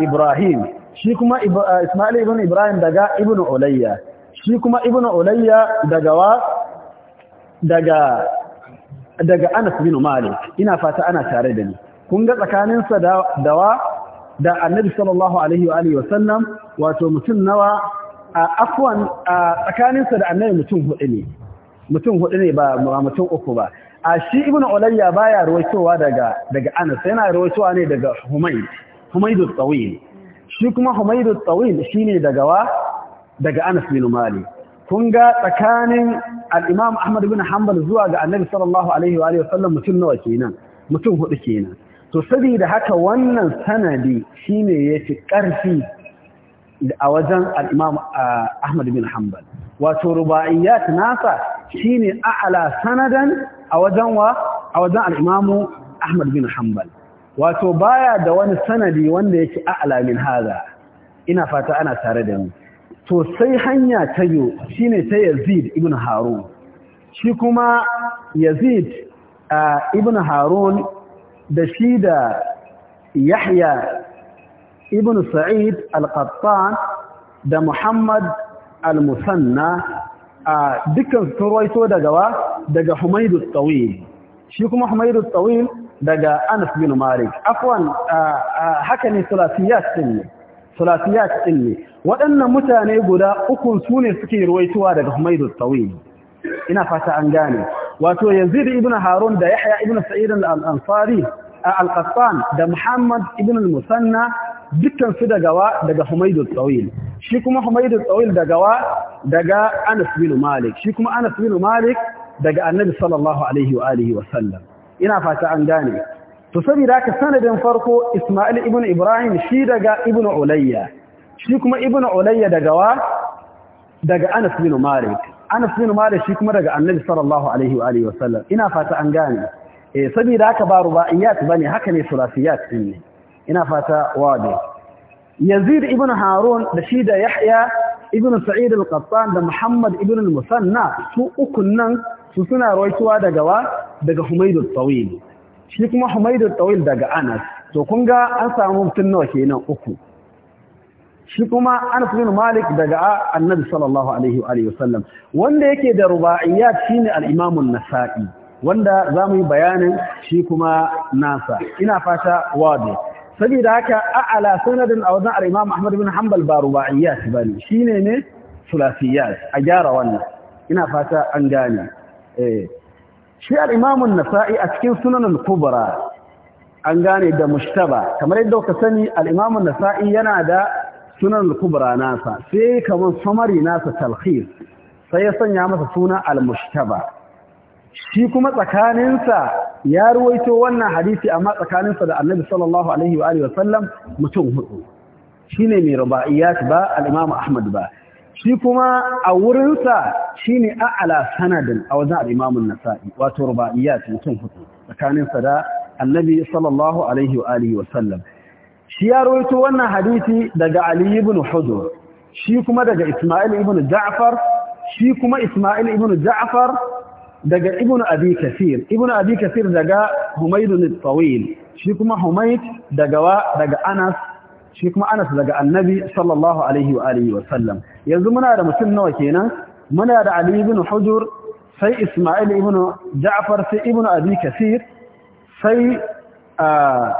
ibrahim shi kuma uh, Ismail ibn Ibrahim daga ibn Ulayya shi kuma ibn Ulayya daga wa daga daga Anas bin Malik ina fata ana tare da ni kun ga tsakaninsa da wa? da Annabi sallallahu alaihi wa alihi wasallam wato mutum nawa a afwan tsakaninsa da Annabi mutum hudu ne mutum hudu ne ba mutum uku ba a shi ibn Ulayya baya ruwaitowa daga daga Anas yana ruwaitowa ne daga Humayd Humayd al-Tawil shi kuma Humaydu Tawil shine daga wa daga Anas bin Malik kun ga tsakanin al-Imam Ahmad bin Hanbal zuwa ga Annabi sallallahu alaihi wa alihi wasallam mutum nawa kenan mutum hudu kenan to saboda haka wannan sanadi shine yafi karfi a wajen al-Imam Ahmad bin Hanbal wato rubaiyat nasa shine a'la sanadan a wajen wa a wajen al-Imam Ahmad bin Hanbal wato baya da wani sanadi wanda yake a'la min haza ina fata ana tare da mu to sai hanya ta yo shine ta Yazid ibn Harun shi kuma Yazid ibn Harun da shi da Yahya ibn Sa'id al-Qattan da Muhammad al-Musanna dukkan su rawaito daga wa daga Humayd tawil shi kuma Humayd tawil daga Anas bin Malik afwan haka ne sulasiyat din ne sulasiyat din ne waɗannan mutane guda uku su ne suke ruwaituwa daga Humaydu Tawil ina fata an gane wato Yazid ibn Harun da Yahya ibn Sa'id al-Ansari al-Qattan da Muhammad ibn al-Musanna dukkan su daga wa daga Humaydu Tawil shi kuma Humaydu Tawil daga wa daga Anas bin Malik shi kuma Anas bin Malik daga Annabi sallallahu alaihi wa alihi wa sallam ina fata an gane to saboda haka sanadin farko Isma'il ibn Ibrahim shi daga ibn Ulayya shi kuma ibn Ulayya daga wa daga Anas bin Malik Anas bin Malik shi kuma daga Annabi sallallahu alaihi wa alihi wasallam ina fata an gane eh saboda haka ba rubaiyat bane haka ne sulasiyat ne ina fata wabe Yazid ibn Harun da shi da Yahya ibn Sa'id al-Qattan da Muhammad ibn al-Musanna su ukun nan su suna rawaituwa daga wa daga Humaydul Tawil shi kuma Humaydul Tawil daga Anas to kun ga an samu mutum nawa kenan uku shi kuma Anas bin Malik daga Annabi sallallahu alaihi wa alihi wasallam wanda yake da rubaiyat shine al-Imam an-Nasa'i wanda zamu yi bayanin shi kuma nasa ina fata wadi saboda haka a'ala sanadin a wajen al-Imam Ahmad bin Hanbal ba rubaiyat bane shine ne sulasiyat a gyara wannan ina fata an gane Eh. shi al'imamun nasa'i a cikin sunanin kubara an gane da mushtaba kamar yadda ka sani al'imamun nasa'i yana da sunan kubra nasa sai kamar samari nasa talhiz sai ya sanya masa suna al-mushtaba shi kuma tsakaninsa ya ruwaito wannan hadisi amma tsakaninsa da annabi sallallahu alaihi wa Sallam mutum hudu ne mai ruba'iyat ba al’imamun ahmad ba shi kuma a wurinsa shi ne a'ala sanadin a wajen al'imamun nasa'i wato ruba'iyya mutum hudu tsakaninsa da annabi sallallahu alaihi wa alihi wa sallam shi ya rawaito wannan hadisi daga ali ibn hudu shi kuma daga isma'il ibn ja'far shi kuma isma'il ibn ja'far daga ibn abi kasir ibn abi kasir daga humayd ibn tawil shi kuma humayd daga daga anas shi kuma anas daga annabi sallallahu alaihi wa alihi wa sallam yanzu muna da mutum nawa kenan muna da Ali ibn Hujur sai Ismail ibn Ja'far sai ibn Abi Kathir sai a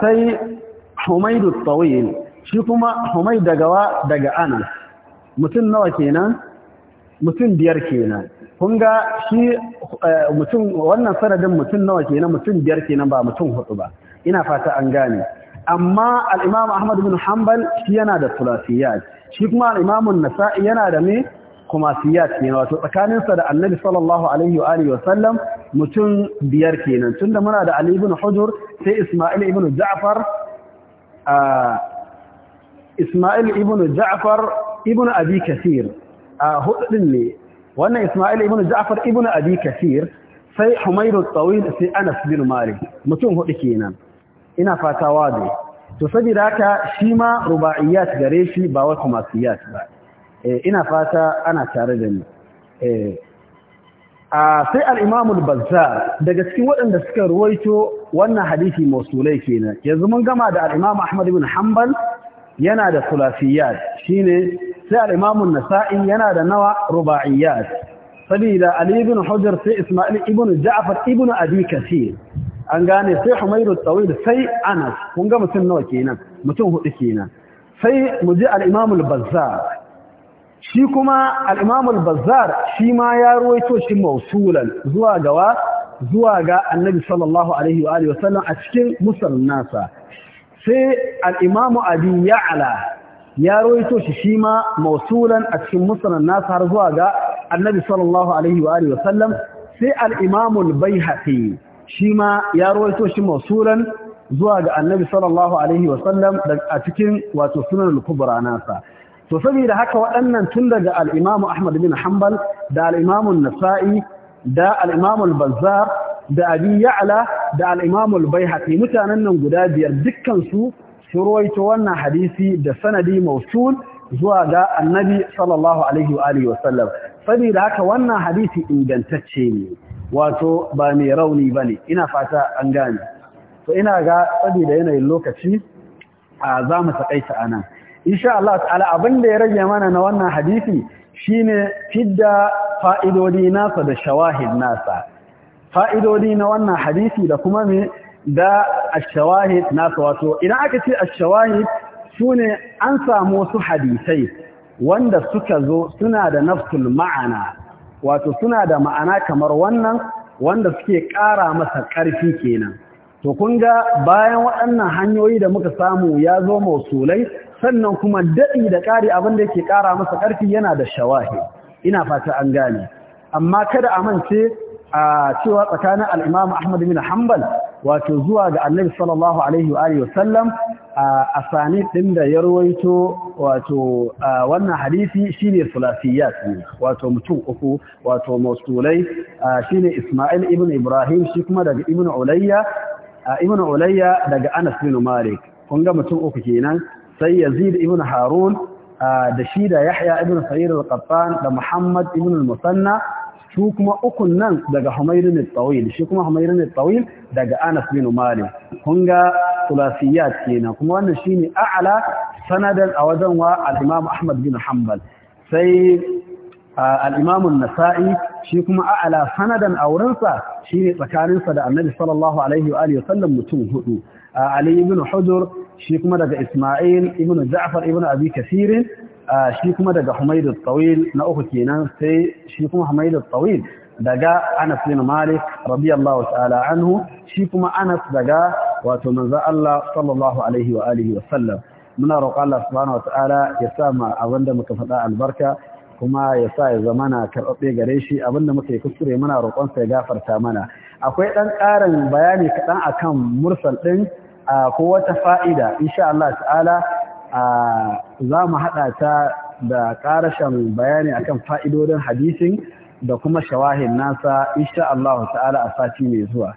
sai Humayd al-Tawil shi kuma Humayd daga wa daga Anas mutum nawa kenan mutum biyar kenan kun ga shi eh, mutum wannan sanadin mutum nawa kenan mutum biyar kenan ba mutum hudu ba ina fata an gane amma al-imam ahmad bin hanbal shi yana da sulasiyat shi kuma al-imam nasai yana da me kuma siyat ne wato tsakanin da annabi sallallahu alaihi wa alihi wasallam mutum biyar kenan tunda muna da ali ibn hujur sai isma'il ibn ja'far isma'il ibn ja'far ibn abi kathir hudin ne wannan isma'il ibn ja'far ibn abi kathir sai humayr at-tawil sai anas bin malik mutum hudu kenan ina fata wado to saboda haka shi ma ruba'iyat gare shi ba wasu masiyat ba eh, ina fata ana tare da ni eh, a sai al-Imam al-Bazzar daga cikin waɗanda suka ruwaito wannan hadisi mausulai kenan yanzu mun gama da al-Imam Ahmad ibn Hanbal yana da sulasiyat shine sai al-Imam an-Nasa'i yana da nawa ruba'iyat sabida Ali ibn Hujr sai Isma'il ibn Ja'far ibn Abi Kathir an gane sai Humairu Tawil sai Anas kun ga mutum nawa kenan mutum hudu kenan sai mu ji al-Imam al-Bazzar shi kuma al-Imam al-Bazzar shi ma ya ruwaito shi mausulan zuwa gawa zuwa ga Annabi sallallahu alaihi wa alihi wasallam a cikin musannasa sai al-Imam Abi Ya'la ya ruwaito shi shi ma mausulan a cikin musannasa har zuwa ga Annabi sallallahu alaihi wa alihi wasallam sai al-Imam al shi ma ya rawaito shi mausulan zuwa ga annabi sallallahu alaihi wasallam a cikin wato sunan al-kubra nasa to saboda haka waɗannan tun daga al-imamu ahmad bin hanbal da al-imamu nasa'i da al-imamu al-bazzar da abi ya'la da al-imamu al-baihaqi mutanen nan guda biyar dukkan su sun rawaito wannan hadisi da sanadi mausul zuwa ga annabi sallallahu alaihi wa alihi wasallam saboda haka wannan hadisi ingantacce ne wato ba mai rauni ba ne ina fata an gane to ina ga sabida yanayin lokaci a za mu taƙaita a nan insha Allah ta'ala abin da ya rage mana na wannan hadisi shine fidda fa'idodi nasa da shawahid nasa fa'idodi na wannan hadisi da kuma me da ash-shawahid nasa wato idan aka ce ash-shawahid sune an samu wasu hadisai wanda suka zo suna da nafsul ma'ana wato suna da ma'ana kamar wannan wanda suke ƙara masa ƙarfi kenan to kun ga bayan waɗannan hanyoyi da muka samu ya zo mausulai sannan kuma daɗi da ƙari abin da yake ƙara masa ƙarfi yana da shawahi ina fata an gane amma kada a mance a cewa tsakanin al Ahmad bin Hanbal wato zuwa ga Annabi sallallahu alaihi wa sallam, a asani ɗin da ya rawaito wato wannan hadisi shine su ne wato mutum uku wato shi ne Isma'il ibn Ibrahim shi kuma daga Ibn Ulayya Ibn Ulayya daga Anas bin Malik kun ga mutum uku kenan sai Yazid ibn Harun da shi da Yahya ibn Sa'id al-Qattan da Muhammad ibn al-Musanna su kuma ukun nan daga hamairu ne tsawil shi kuma hamairu ne tsawil daga Anas bin Malik kun ga sulasiyat kenan kuma wannan shine a'la sanadan a wajen wa al-Imam Ahmad bin Hanbal sai al-Imam an-Nasa'i shi kuma a'la sanadan a wurinsa shine tsakaninsa da Annabi sallallahu alaihi wa alihi sallam mutum hudu Ali ibn Hujr shi kuma daga Isma'il ibn Ja'far ibn Abi kasir shi kuma daga Humaydu Tawil na uku kenan sai shi kuma Humaydu Tawil daga Anas bin Malik radiyallahu ta'ala anhu shi kuma Anas daga wato manzo Allah sallallahu alaihi wa alihi wa sallam muna roƙon Allah subhanahu wa ta'ala ya sa mu abinda muka faɗa albarka kuma ya sa ya zama na karɓaɓɓe gare shi abinda muka yi kuskure muna roƙon sa ya gafarta mana akwai ɗan ƙarin bayani kaɗan akan mursal ɗin ko wata fa'ida insha Allah ta'ala za mu haɗa ta da ƙarashen bayani akan fa'idodin hadisin da kuma shawahin nasa insha Allah ta'ala a sati mai zuwa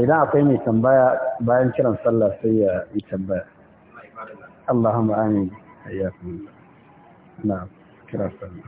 idan akwai mai tambaya bayan kiran sallah sai ya yi tambaya amin yi na kira sallah